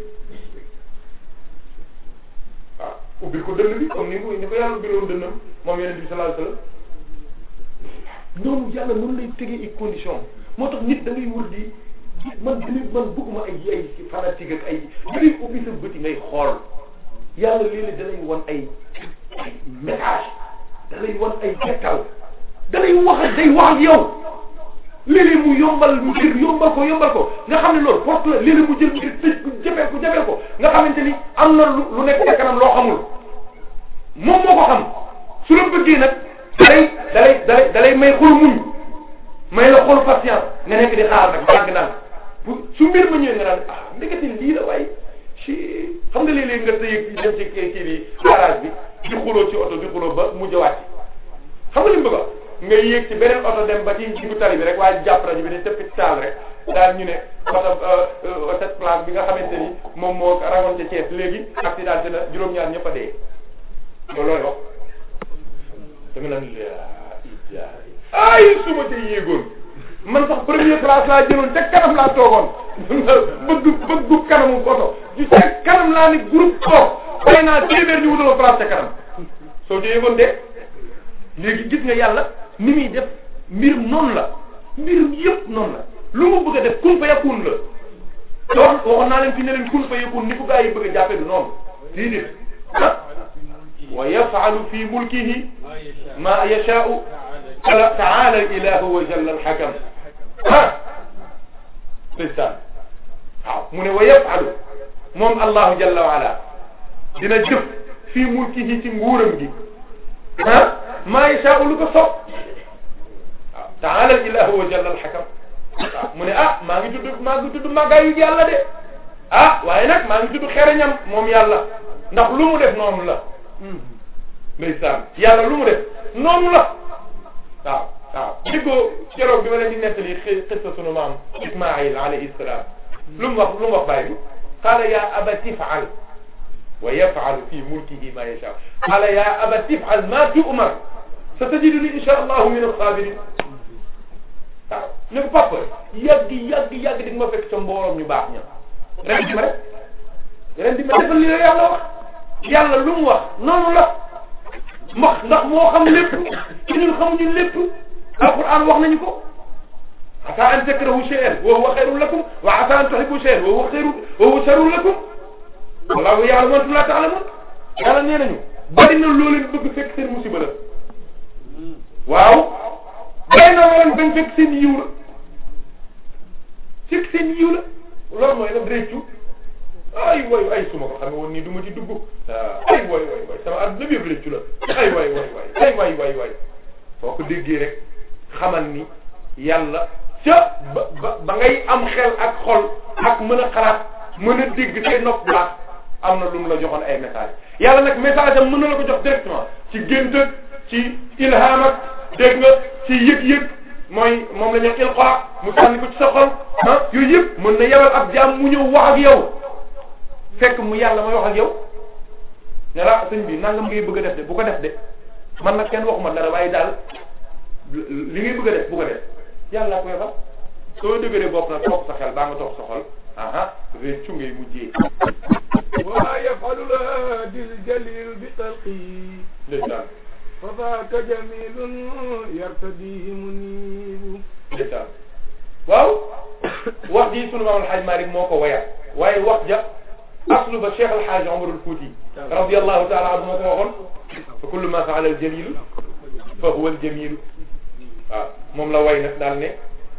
waaw ubbil ko dënn bi ni mu ni ko yàlla ubbiloon dënnam moom yonent bi sallallahu alayhi wasallam noonu yàlla noonu lay tegee i condition moo tax nit da ngay di man dina man bëgguma ay ay fanatique ak ay da ngay ubbi sa bët yi ngay xool yàlla léeg-léeg da lay won ay ay message da lay won ay tegtal da lay wax ak day wax ak yow léeg-léeg mu yombal mu jël yombal ko yombal ko nga xam ne loolu porte la léeg-léeg mu jël mu jël tëj ko jafeel ko jafeel ko nga xamante ni am na lu lu nekk ca kanam loo xamul moom moo ko xam su la bëggee nag dalay dalay dalay dalay may xol muñ may la xol patience nga nekk di xaar nag màgg naan pour su mbir ma ñëwee nga naan ah ndekete lii la waaye. ci xam nga léeg-léeg nga tëye dem ci kii bi garage bi di xuloo ci oto di xuloo ba mujj wàcc xam nga li mu bëgg a nga yéeg ci beneen oto dem ba ci diggu tali bi rek waaye bi ne tëpp ci taal rek daal ñu ne oto cette euh, euh, place bi nga xamante ni moom moo rawoon ca Thiès léegi accident dina juróom-ñaar ñëpp a dee loolu looy wax dama naan ay su man sax première place laa jëloon ca kanam laa toogoon bëgg bëgg kanamu oto ci ca kanam laa ni groupe toog fay naa téeméer ñu wutaloo place ca kanam soo ci yëgoon de léegi gis nga yàlla ni muy def mbir noonu la mbir yëpp noonu la lu mu bëgg def kun fa yakun la donc waxoon naa leen fi ne leen kun fa yakun ni ko gaa yi bëgg a jàppee du noonu lii nit ah wa yaf'alu fi mulkihi ma yasha'u ta'ala al-ilahu wa jalla al-hakam ndeysaan waaw mu ne wa yaf'alu moom allahu jalla wa ala dina jëf fii mulkihi ci nguuram gi wa jalla al mu ne ah maa ngi tudd maa ngi tudd màggaayu yàlla de ah waaye nag maa ngi tudd moom yàlla ndax lu mu def la Hmm. ndeysaan yàlla lu mu la waaw waaw diggoo keroog bi ma leen di nettali bi hmm. qaala yaa abati if'al wa yaf'alu fi mulkihi ma yashaa qaala yaa abati if'al ma tu'mar satajiduni insha allahu min as-saabiriin waaw ne ko papa yàgg yàgg yàgg di nga ma fekk sa mbooloom ñu baax ña ren di ma rek yàlla lu wax noonu la max ndax moo xam lépp ci ñun xamuñu lépp alquran wax nañu ko asa an takrahu shay'an wa huwa khayrun lakum wa asa an tuhibbu lakum wallahu ya'lamu wa antum la ta'lamun yàlla nee nañu bari na loo leen bëgg fekk seen musiba la waaw bari na loo leen bañ fekk seen ay way ay su ma ko xamee woon nii du ma ci dugg ay way way way sama àdduna bi yëpp lañ ci la ay way way way ay way way way soo ko déggee rek xamal ni yàlla ca ba ba ba ngay am xel ak xol ak mën a xalaat mën a dégg say nopp baax am na lu mu la joxoon ay message yàlla nag message am mën na la ko jox directement ci gént ak ci ilham ak dégg nga ci yëg-yëg mooy moom la ñu ilqa mu sànni ko ci sa xol ah yooyu yëpp mën na yebal ab jaam mu ñëw wax ak yow fekk mu yàlla may wax ak yow ne la sëñ bi nangam ngay bëgg a def de bu ko def de man nag kenn waxuma dara waaye daal li ngay bëgg a def bu ko def yàlla ko yebal soo dëgëree bopp nag toog sa xel baa nga toog sa xol aha réccu ngay mujjee wa yafalula dil jalil bi talqi ndeysaan fa faaka jamilun yartadihi munibu ndeysaan waaw wax ji sunu maam alxaaj Malik moo ko wayal waaye wax ja aslu ba Cheikh El Hadj Omar al Fouti radiyallahu taala anhu moo ko waxoon fa kullu ma faala al jamilu fa huwa al jamilu waaw moom la way nag daal ne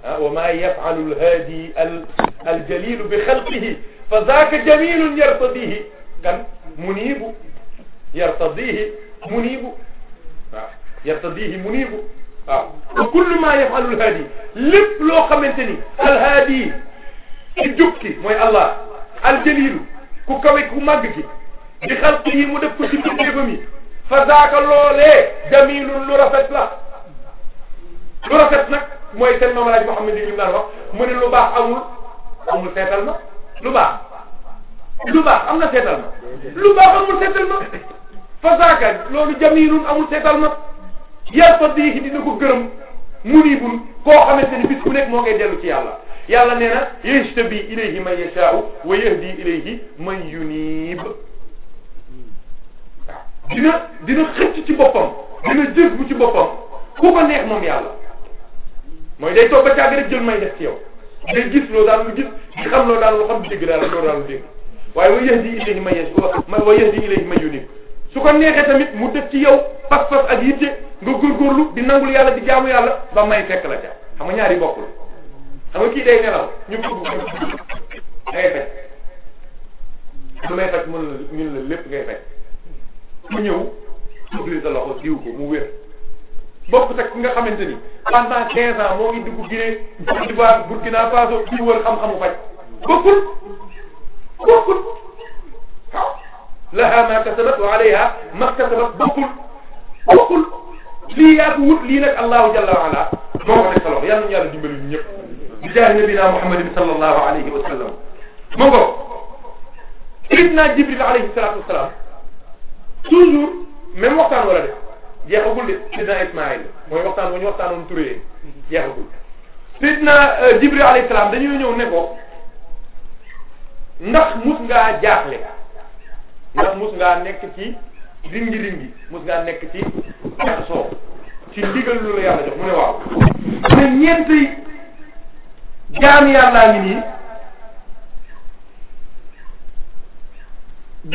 ah wa ma yafalu al haadi al al jalilu bi xalqihi fa zaaka jamilun yartadihi kan munibu yartadihi munibu waaw yartadihi munibu waaw wa kullu ma yafalu al haadi lépp loo xamante ni al haadi ci jub ki mooy Allah al jalilu ku kawe ku màgg ki di xal yi mu def ko ci mbindeefam yi fa zaaka loole jamilun lu rafet la lu rafet nag mooy seen maam Alaaji Muhammad yi naa naan wax mu ne lu baax amul amul seetal ma lu baax lu baax am na seetal lu baax amul seetal ma fa zaaka loolu jamilun amul seetal ma yar fa diixi dina ko gërëm munibun koo xamante ni bis bu nekk moo ngay dellu ci yàlla yàlla nee na yajtabi ilayhi man yashaau wa yahdi ilayhi man yunib dina dina xëcc ci boppam dina bu ci boppam ku ko neex moom yàlla mooy de toog ba càgg rek jël may def ci yow day gis loo daan lu gis di xam loo daan lu xam dégg daal loo daan lu dégg waaye wa yahdi ilayhi man yashaau wa yahdi ilayhi man yunib su ko neexee tamit mu def ci yow pas-pas ak yitte nga góorgóorlu di nangul yàlla di jaamu yàlla ba may fekk la ca xam nga ñaari bokkul xam nga kii day nelaw ñu bëgg ko ngay faj lu may faj mën la ñun la lépp ngay faj ku ñëw ubbi sa loxo diw ko mu wér bokk teg ki nga xamante ni pendant quinze ans moo ngi dugg Guinée Côte d'Ivoire Burkina Faso ci wër xam-xamu faj bokkul bokkul waaw ma kasabat wa alayha ma kasabat bokkul bokkul lii yaa ko wut lii nag allahu jalla wa ala moo ko teg sa loxo yàlla nañu yàlla dimbali ñëpp jaah nabina muhammadin sallallahu alayhi wa sallam ma ngo Seydina Jibril alayhi salaatu wa salaam toujours même waxtaan wala def jeexagul de Seydina Ismaïl mooy waxtaan wa ñu waxtaanoon turee jeexagul Seydina euh, Jibril alayhi salaam dañoo ñëw ne ko ndax mus ngaa jaaxle ndax mus ngaa nekk ci ringi ringi mus ngaa nekk ci jaxasoo ci ndigal lu la yàlla jox mu ne waaw mu jaami yàllaa ngi nii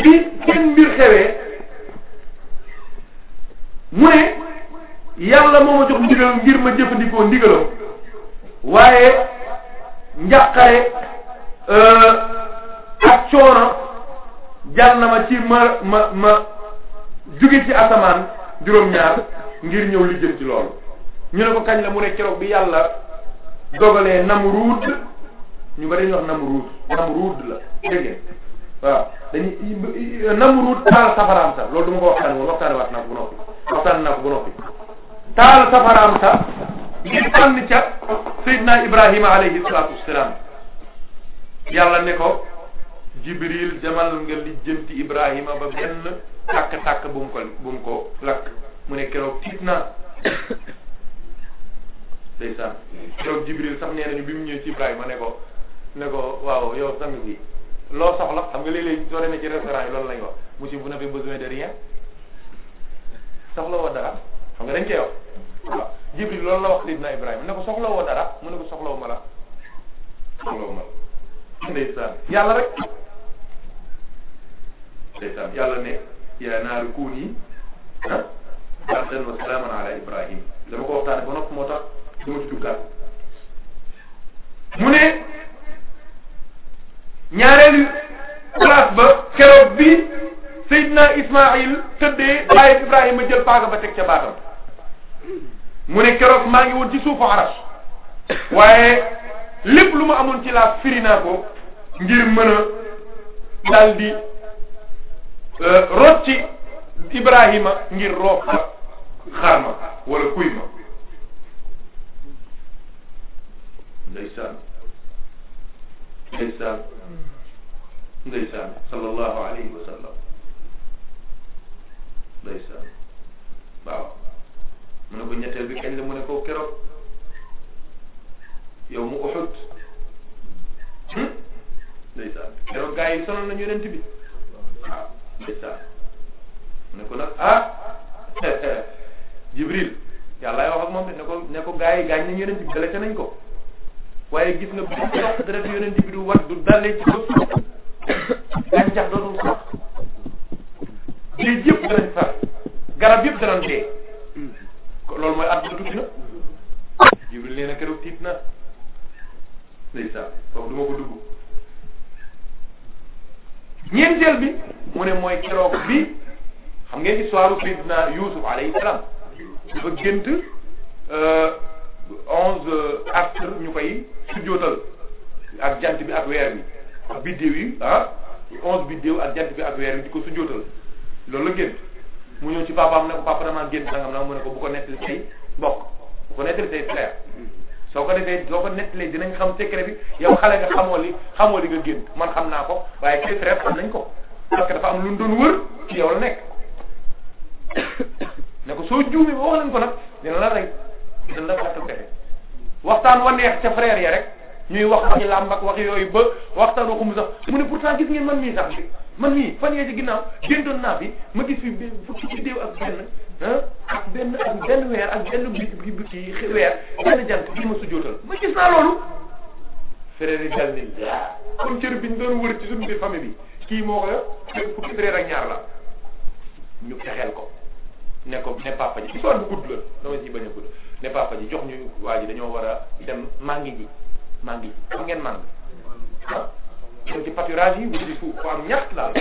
bi seen mbir xewee mu ne yàlla moo ma jox ngir ma jëfandikoo ndigalam waaye njàqare euh, ak coono jàll na ma ci ma ma ma jóge ci asamaan juróom ngir ñëw li jëm ci loolu ñu ne ko kañ la mu ne keroog bi yàlla dogalee Namruud ñu bari ñu wax Namruud Namruud la dégg ngeen waaw dañuy Namruud taal safaraam sa loolu du ma ko waxtaanee woon waxtaanee waat naa ko bu noppi waxtaanee naa ko bu noppi taal safaraam sa ngir tànn ca Seydina Ibrahima alayhi salaatu wasalaam yàlla ne ko Jibril demal nga lijjanti Ibrahima ba benn tàkk-tàkk bu ko bu ko lakk mu ne tiit naa ndeysaan keroog Jibril sax nee nañu bi mu ñëwee ci Ibrahima ne ko ne ko waaw yow sami bi loo soxla xam nga léeg-léeg soo demee ci restaurant yi loolu lañ wax monsieur vous n'avez besoin de rien soxla woo dara xam nga dañ koy wax waaw Jibril loolu la wax Seydina Ibrahima ne ko soxla woo dara ne ko soxla wu ma la soxla wu ma la ndeysaan yàlla rek ndeysaan yàlla ne yaa naaru kuuni ah bardan wa salaaman ala Ibrahim dama ko waxtaane ba noppi moo mu ne ñaareelu place ba keroog bi Seydina Ismaïl tëddee bàyyi Ibrahima jël paaga ba teg ca baatam mu ne keroog maa ngi woon ci suufu aras waaye lépp lu ma amoon ci laa firi naa ko ngir mën a dal di euh, rocci Ibrahima ngir roob xar ma wala kuy ndeysaan ndeysaan ndeysaan sallallahu alayhi wa sallam ndeysaan waaw mu ne ko ñetteel bi kañ la mu ne ko keroog yow mu uxut hmm? ndeysaan keroog gars yi sonal nañu yonent bi waaw ndeysaan mu ne ko nag ah jibril yàllaay wax ak ne ko ne ko gars yi gaañ nañu yonent bi dala ca nañ ko waaye gis nga bu dox deret yonent bi du wat du dalee ci suuf gàncax dootul sax géej yëpp danañ sax garab yëpp danañ dee loolu mooy àdduna tukki na Jibril nee na keroog tiit na ndeysaan foofu du ma ko dugg ñeenteel bi mu ne mooy keroog bi xam ngeen histoire Seydina Youssouf alayhi gént euh, onze euh, astres ñu koy sujjootal ak jant bi ak weer bi ak biddéew yi ah onze biddéew ak jant bi ak weer bi di ko sujjootal loolu la gént mu ñëw ci papaam na ko papa damaa gént nangam nag mu ne ko bu ko nettali say mbokk bu ko nettali say soo ko defee soo ko nettalee dinañ xam secret bi yow xale nga xamoo li xamoo li nga gént man xam naa ko waaye say frère xam nañ ko parce que dafa am lu doon wër ci yow la nekk ne ko soo juumee ba wax ko nag dina la rey dina la fàttal pexe waxtaan wa neex ca frère ya rek ñuy wax waxi làmb ak wax yooyu ba waxtaan waxu mu sax mu ne pourtant gis ngeen man mii sax bi man mii fan yee ci ginnaaw géntoon naa fi ma gis fi fukki biddeew ak benn ah, ak benn ak benn weer ak benn bi bi kii weer benn jant bi ma sujootal ma gis naa loolu frère yi dal ni kon cër biñ doon wër ci suñu biir famille bi kii moo ko fukki frère ak ñaar la ñu fexeel ko ne ko ne papa ji histoire bu gudd la dama ciy bañ a gudd ne papa ji jox ñu waa ji dañoo war a dem mangi ji mangi ji xam ngeen mangi waaw ñëw ci pâturage yi wuti fu fu am ñax laal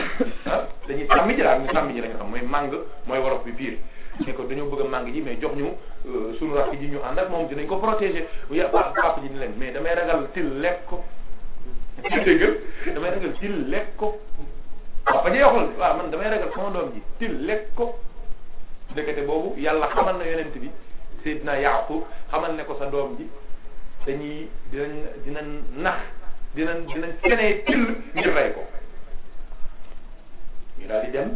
ah dañuy sàmmi ji daal ñu sàmmi ji la nga xam mooy mang mooy wolof bi biir ne ko dañoo bëgg a màng ji mais jox ñu euh, suñu rakk ji ñu ànd ak moom dinañ ko protéger ya ah, papa ji ni leen mais damay ragal til lekk ko dégg damay ragal til lekk ko papa ji waxul waaw man damay ragal sama doom ji til lekk ko ndekete boobu yàlla xamal na yonent bi Seydina Yaaqub xamal ne ko sa doom ji dañuy dinañ dinañ nax dina dinañ fenee till ngir rey ko ñu daal di dem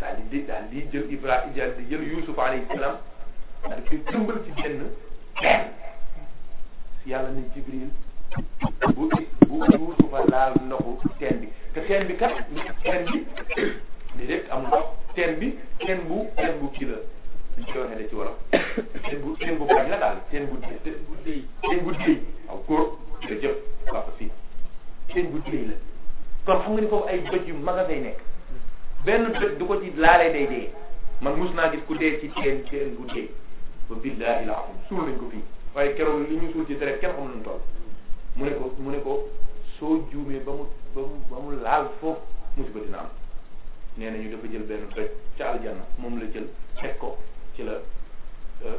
daal di daal di jël Ibrahima daal di jël Yuusuf alayhi salaam daal di koy tëmbal ci benn bu bu Yuusufa laal ndoxu teen bi te teen bi kat teen bi déedéet am ndox bi teen bu teen bu kii suñ koy waxee ne ci wolof seen bu seen bu bañ la daal seen bu seen bu déy seen bu déy waaw góor da jëf papa si seen bu déy la kon xam nga ni foofu ay bët yu mag a fay nekk benn bët du ko ci laalee day dee man mus naa gis ku dee ci teen teen bu dee ba billahi la am suul nañ ko fii waaye keroog li ñu suul ci deret kenn xam nañu toll mu ne ko mu ne ko soo juumee ba mu ba mu ba mu laal foofu musiba dina am nee nañu dafa jël benn doj ca aljanna moom la jël teg ko ci la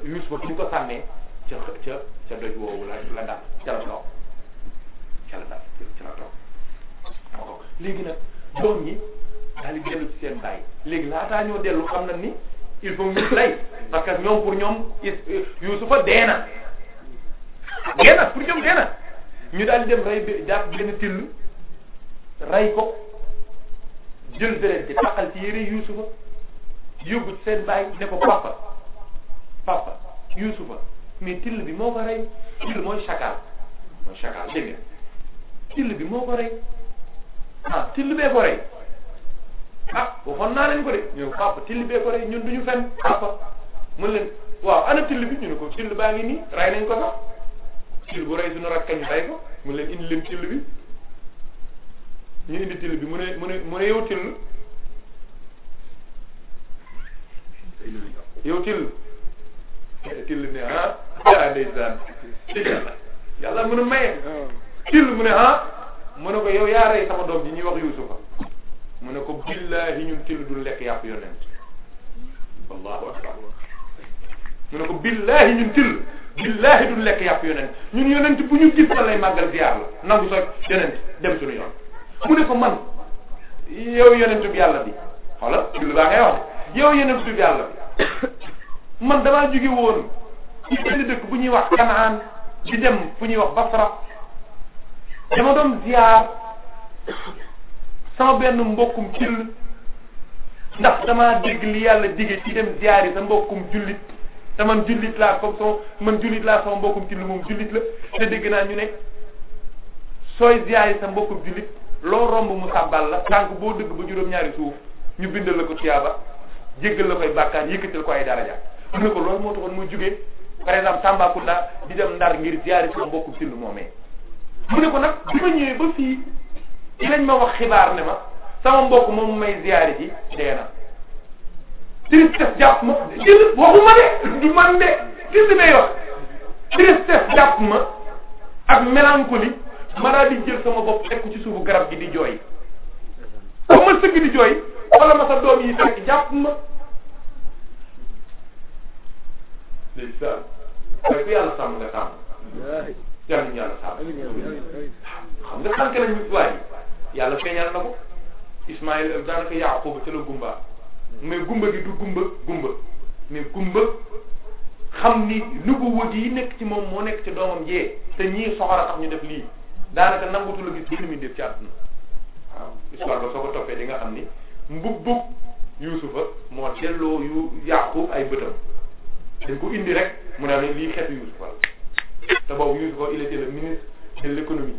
humus euh, ba duñ ko sànnee ca ca ca doj woowu la la dal ca la toog ca la dal ca la toog xam nga léegi nag doom ñi daal di dellu ci seen bàyyi léegi laataa xam na ni il faut ñu lay parce que ñoom pour ñoom euh, Yuusufa dee na dee na pour ñoom dee ñu daal di dem rey bi jàpp benn till rey ko jël deret di taqal ci yére Yuusufa yóbbu ne ko papa papa yusufa mais till bi moo ko rey till moo chakal mooy chakal dégg bi moo ko rey ah till bee ko rey ah waxoon naa leen ko de ñun papa till bee ko rey ñun duñu fen papa mën leen waaw ana till bi ñu ne ko til baa ngi nii rey nañ ko sax till bu rey suñu rakka ñu rey ko mën leen indi leen till bi ñu indi till bi mu ne mu ne mu ne yow till yow till till ne ah ah ndeysaan yàlla mën a maye till mu ne ah mu ne ko yow yaa rey sama doom ji ñuy wax yuusufa mu ne ko billahi ñun till du lekk yàpp yonent allahu akbar mu ne ko billahi ñun till billahi du lekk yàpp yonent ñun yonent bu ñu gis fan lay màggal ziar la nangu soog yonent dem suñu yoon mu ne ko man yow yonentub yàlla bi xoolal till baa ngay wax yow yonentub yàlla bi man damaa jóge woon ci benn dëkk bu ñuy wax Kanaan di dem fu ñuy wax Basra dama doon ziar sama benn mbokkum cil ndax damaa dégg li yàlla dige ci dem ziar yi sa mbokkum jullit dama man jullit laa comme sama man jullit laa sama mbokkum cil moom jullit la te dégg naa ñu ne sooy ziar yi sa mbokkum jullit loo romb mu sàbbal la tànk boo dëgg ba juróom-ñaari suuf ñu bindal la ko tiyaaba jéggal la koy bàkkaar yëkkatal ko ay daraja mën na ko loolu moo taxoon muy jugee par exemple Tambacounda di dem Ndar ngir ziyaari sama mbokku till moomee mu ne ko nag bi ma ñëwee ba fii ma wax xibaar ne ma sama mbokk moom may ziyaari ji dee na tristesse jàpp ma jël waxuma de du man de gis nga yoon tristesse jàpp ma ak mélancolie ma daal di jël sama bopp teg ko garab gi di jooy ba ma sëgg di jooy wala ma sa doom yi fekk jàpp ma dégg nga waaye ku yàlla sàmm nga sàmm yàlla nañu yàlla sàmm xam nga sànq nañu waaye yàlla feeñal na ko Ismaël daanaka Yaaqub ca la gumba mais gumba gi du gumba gumba mais gumba xam ni nubuwa gi yi nekk ci moom moo nekk ci doomam ji te ñii soxora tax ñu def lii daanaka nangutu la gis gën mi def ci àdduna waaw ba soo ko toppee di nga xam ni mbubbub Yuusufa moo delloo yu Yaaqub ay bëtam dañ ko indi rek mu daal ne lii xeetu Youssoupha la te boobu Youssoupha il était le ministre de l' économie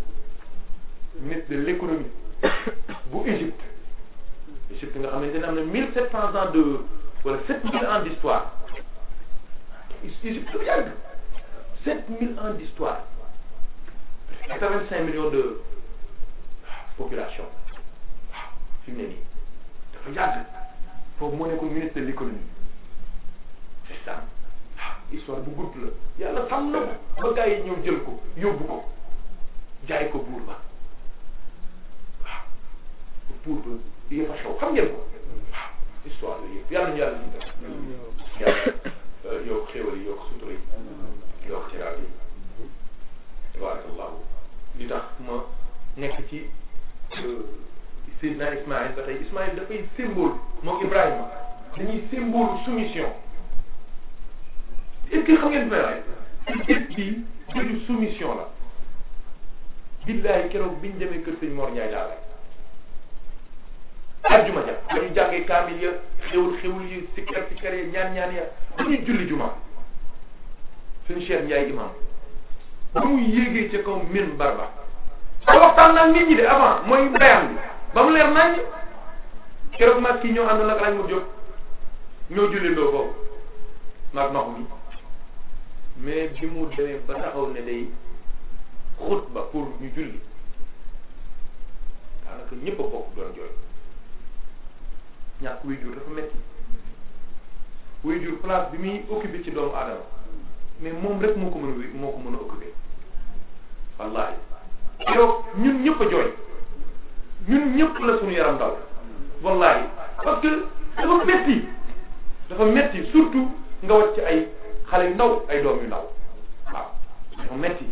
ministre de l' économie bu Égypte Égypte nga xamante ne am na mille sept cent ans de wala sept mille ans d' histoire Égypte lu yàgg sept mille ans cinq millions de population waaw fi mu ne nii dafa yàgg foofu moo nekkoon ministre l' économie c'est ça histoire bu gudd la yàlla sàmm na ko ba gars yi ñëw jël ko yóbbu ko jaay ko buur ba waaw buur ba yëpp a xew xam ngeen ko waaw histoire la yëpp yàlla ñu yàlla ñu def yàlla yokk xéwal yi yokk sutura yi yokk so yi tabarakallahu li tax ma nekk ci euh, Seydina Ismaïl ba tey Ismaïl dafay symbole moom Ibrahima dañuy symbole soumission est-ce que xam ngeen may la billahi keroog biñ demee kër sëñ Mor Ndiaye laa lay ajjuma ja ba ñu jàngee kaamil ya yi sikkar sikkar ya ñaan ya ba ñuy julli juma suñu Cheikh Ndiaye imam mu yéegee ca kaw min barba ba waxtaan nag nit ñi de mooy bayam ba mu leer nañ keroog mag kii ñoo àndoon nag lañ mu jóg ñoo julli ndoo mais bi mu demee ba taxaw ne day xutba pour ñu julli daanaka ñëpp a bokk doon jooy ñàkk wuy jur dafa metti wuy jur place bi muy occupé ci doomu aadama mais moom rek moo ko mën a moo ko mën a occupé wallahi yow ñun ñëpp a jooy ñun ñëpp la suñu yaram daw wallahi parce que dafa metti dafa metti surtout nga wat ci ay xale yu ndaw ay doom yu ndaw waaw dafa metti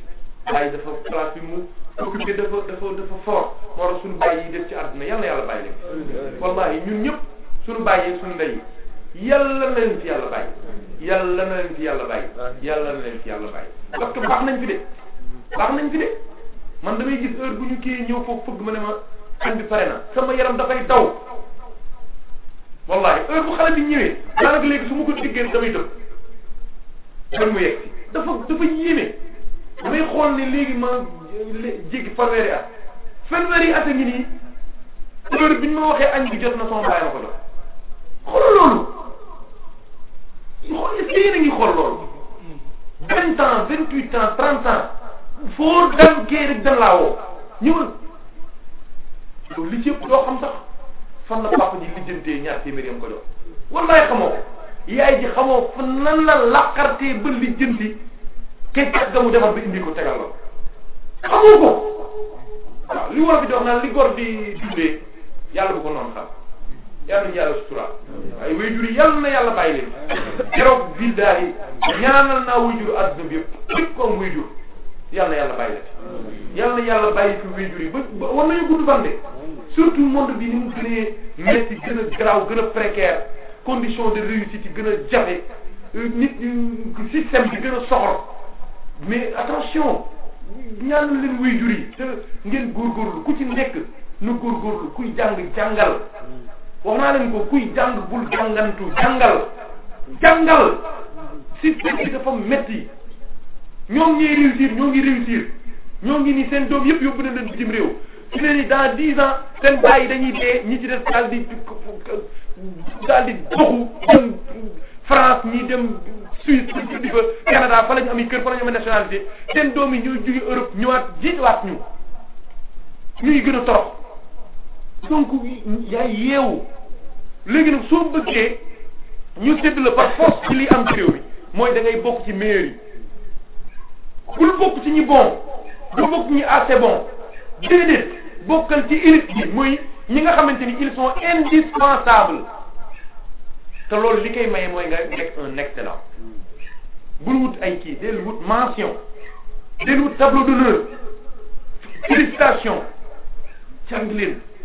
bàyyi dafa place bi mu occupé dafa dafa dafa fort moo tax suñu bàyyi def ci àdduna yàlla yàlla bàyyi leen wallahi ñun ñëpp suñu bàyyi suñu ndey yàlla na leen fi yàlla bàyyi yàlla na leen fi yàlla bàyyi yàlla na leen fi yàlla bàyyi parce que baax nañ fi de baax nañ fi de man damay gis heure bu ñu kii ñëw foofu fëgg ma ne ma añ bi pare na sama yaram dafay daw wallahi heure bu xale bi ñëwee daanaka léegi su ma ko diggee damay dëpp kon mu yegg dafa dafa yéeme damay xool ni léegi ma jéggi fanweeri at fanweeri at a ngi nii heure bi ñu ma waxee añ bi jot na sama bàyyi ma ko jox xool loolu xool a ngi xool loolu vingt ans vingt huit ans trente ans foo dem kii rek dan laa woo ñëwal yow li ci ëpp doo xam sax fan la papa ji lijjantee ñaar téeméeri am ko jox wallaay xamoo yaay ji xamoo fa nan la laqartee ba li jënti keccat ga mu defar ba indi ko tegal la xamoo ko waaw li wolof di wax naan li góor di dundee yàlla bu ko noonu xam yàlla yàlla sutura waaye wayjur yi yàlla na yàlla bàyyi leen keroog naa wayjur yëpp ko am wayjur yàlla na yàlla bàyyi leen yàlla na yàlla bàyyi fi yu yi ba war nañu gudd bande surtout monde bi ni mu gënee metti gën a garaaw gën a précaire condition de réussite yi a jafe euh, nit ñi système bi gën a soxor mais attention ñaanu leen wuy jur yi te ngeen góorgóorlu ku ci nekk nu góorgóorlu kuy jàng jàngal wax naa leen ko kuy jàng bul jàngantu jàngal jàngal système bi dafa metti ñoom ñuy réussir ñoo ngi réussir ñoo ngi ni seen doom yëpp yóbbu na leen bitim réew ci leen ni dans dix ans seen bàyyi dañuy dee ñi ci des daal di daal di doxu dem dem Suisse di fa Canada fa la ñu amee kër fa la ñu amee nationalité seen doom yi ñooy jóge Europe ñëwaat jiitwaat ñu ñuy gën a torox donc yaay yeewu léegi nag soo ñu sédd la par force ci am ci réew mi mooy da ngay bokk ci meilleur yi bul bokk ci ñi bon bul bokk ci ñi assez bon déedéet bokkal ci élite bi mooy ñi nga xamante ni ils sont indispensables te li koy maye mooy nga nekk un excellent bul wut ay kii del wut mention del wut tableau d'honneur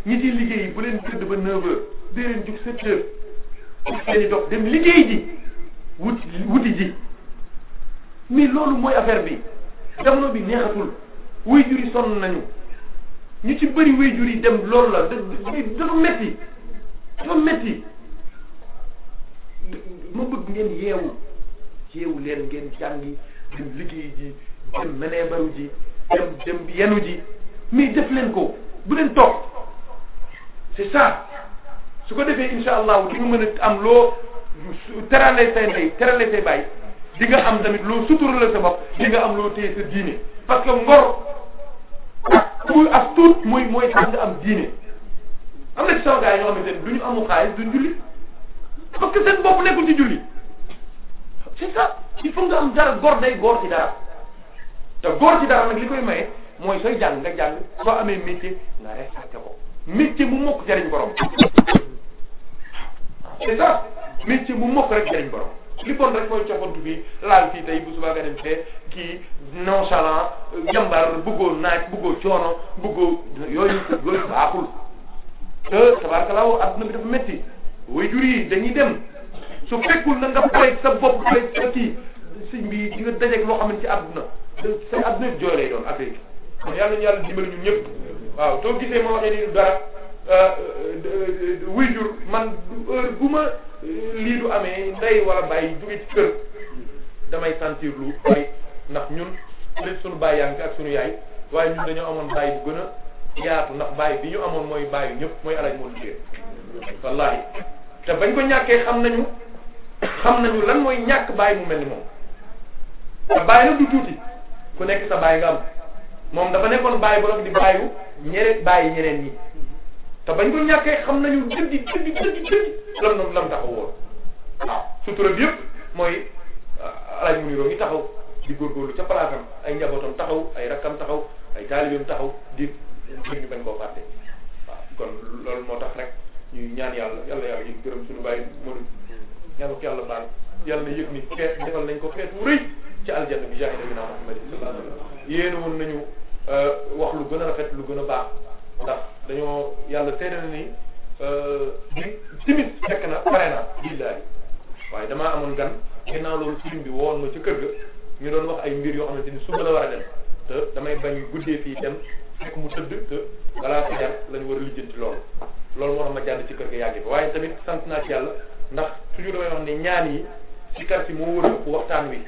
ñi ci liggéey bu leen tëdd ba 9 heures dee leen jug dem liggéey ji wut wuti ji mais loolu mooy affaire bi jamono bi neexatul wuy juri sonn nañu ñu ci bëri wéyjur yi dem loolu la dafa metti dafa metti ma bëgg ngeen yeewu yeewu leen ngeen jàngi dem liggéey ji dem meneebaru ji dem dem yenu ji mi def len ko bu leen toog c'est ça su ko defee insha allahu di nga mën am loo terale say ndey terale say bay di nga am tamit loo suturale sa bopp di nga am loo te sa diine parce que pour ak tuut mooy mooy tax nga am diine am na ci sama gars yi du ñu amul xaalis duñ julli parce que seen bopp nekkul ci julli c'est ça il am dara gor day góor ci dara te góor ci li koy maye mooy sooy jàng nga jàng soo amee métier nga respecté ko métier bu mokk jariñ borom c'est ça métier bu mokk rek jariñ borom li bon rek mooy coxantu bi laal fii tey bu subaa nga dem fee kii nonchalant jàmbar bëggoo naaj bëggoo coono bëggoo yooyu yooyu baaxul te tabarkalaaw adduna bi dafa métti waajur yi dañuy dem su fekkul na nga pare sa bopp pare sa kii sëñ bi di nga dajeeg loo xamante ci adduna sa adduna bi jooy lay doon affaire yi kon yàlla ñu yàlla dimbali ñun ñëpp waaw soo gisee ma waxee nii dara euh, euh, man heure bu ma euh, lii du amee ndey wa bàyyi jóge ci kër damay sentir lu bari ndax ñun lépp suñu baay yaa ngi ak suñu yaay waaye ñun dañoo amoon baay bu gën a yaatu ndax baay bi ñu amoon mooy baayu ñëpp mooy alay moo liggéey wallaahi te bañ ko ñàkkee xam nañu xam nañu lan mooy ñàkk baay mu mel ni moom te baay nag du tuuti ku nekk sa baay nga am moom dafa nekkoon baay bu rek di baayu ñere baayi ñeneen ñi te bañ ko ñàkkee xam nañu dëgg dëgg dëgg dëgg lam lam taxaw woon waaw sutura bi yëpp mooy ah, alaaj mu niroo ngi di góorgóorlu ca palaasam ay njabootam taxaw ay rakkam taxaw ay taalibeem taxaw di ngir ñu bañ koo fàtte waaw kon loolu moo tax rek ñuy ñaan yàlla yàlla yàlla yëg gërëm suñu bàyyi mënul yàlla ko yàlla baal yàlla yëg ni feet defal nañ ko feet wu rëy ci aljanna bi jaay nabi naa Muhammad sallallahu alayhi wa sallam yéen woon nañu euh, wax lu gën a rafet lu gën a baax ndax dañoo yàlla seede na ni di euh, timis na pare na billaahi waaye damaa amoon gan ginnaaw loolu film bi woon ma ci kër ga ñu doon wax ay mbir yoo xamante ni suba la war a dem te damay bañ guddee fii dem fekk mu tëdd te balaa fajar lañ war a lijjanti loolu loolu moo tax ma jàdd ci kër ga yàgg fa waaye tamit sant naa ci yàlla ndax toujours ñu wax ne ñaan yi sikar si moo war a ëpp waxtaan wi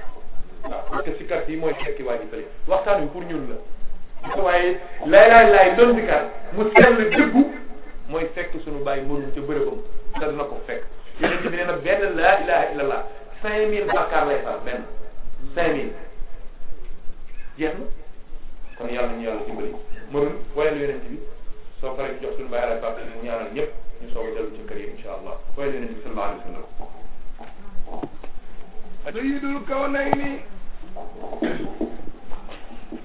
waaw parce que sikar mooy fekk waa ji fële waxtaan wi pour ñun la waaye lay laay laay doon sikar mu sell dëggu mooy fekk suñu bàyyi mënul ca ko fekk yéen a ngi ne benn laa ilaha illallah cinq mille jeex na kon yàlla nañu yàlla dimbali mënul wayal yonent bi soo paree jox suñu bàyyi papa yi mu ñaanal ñëpp ñu soog a dellu ci kër yi incha allah wayal yonent bi sallallahu alayhi wa sallam sayyidul kawnayni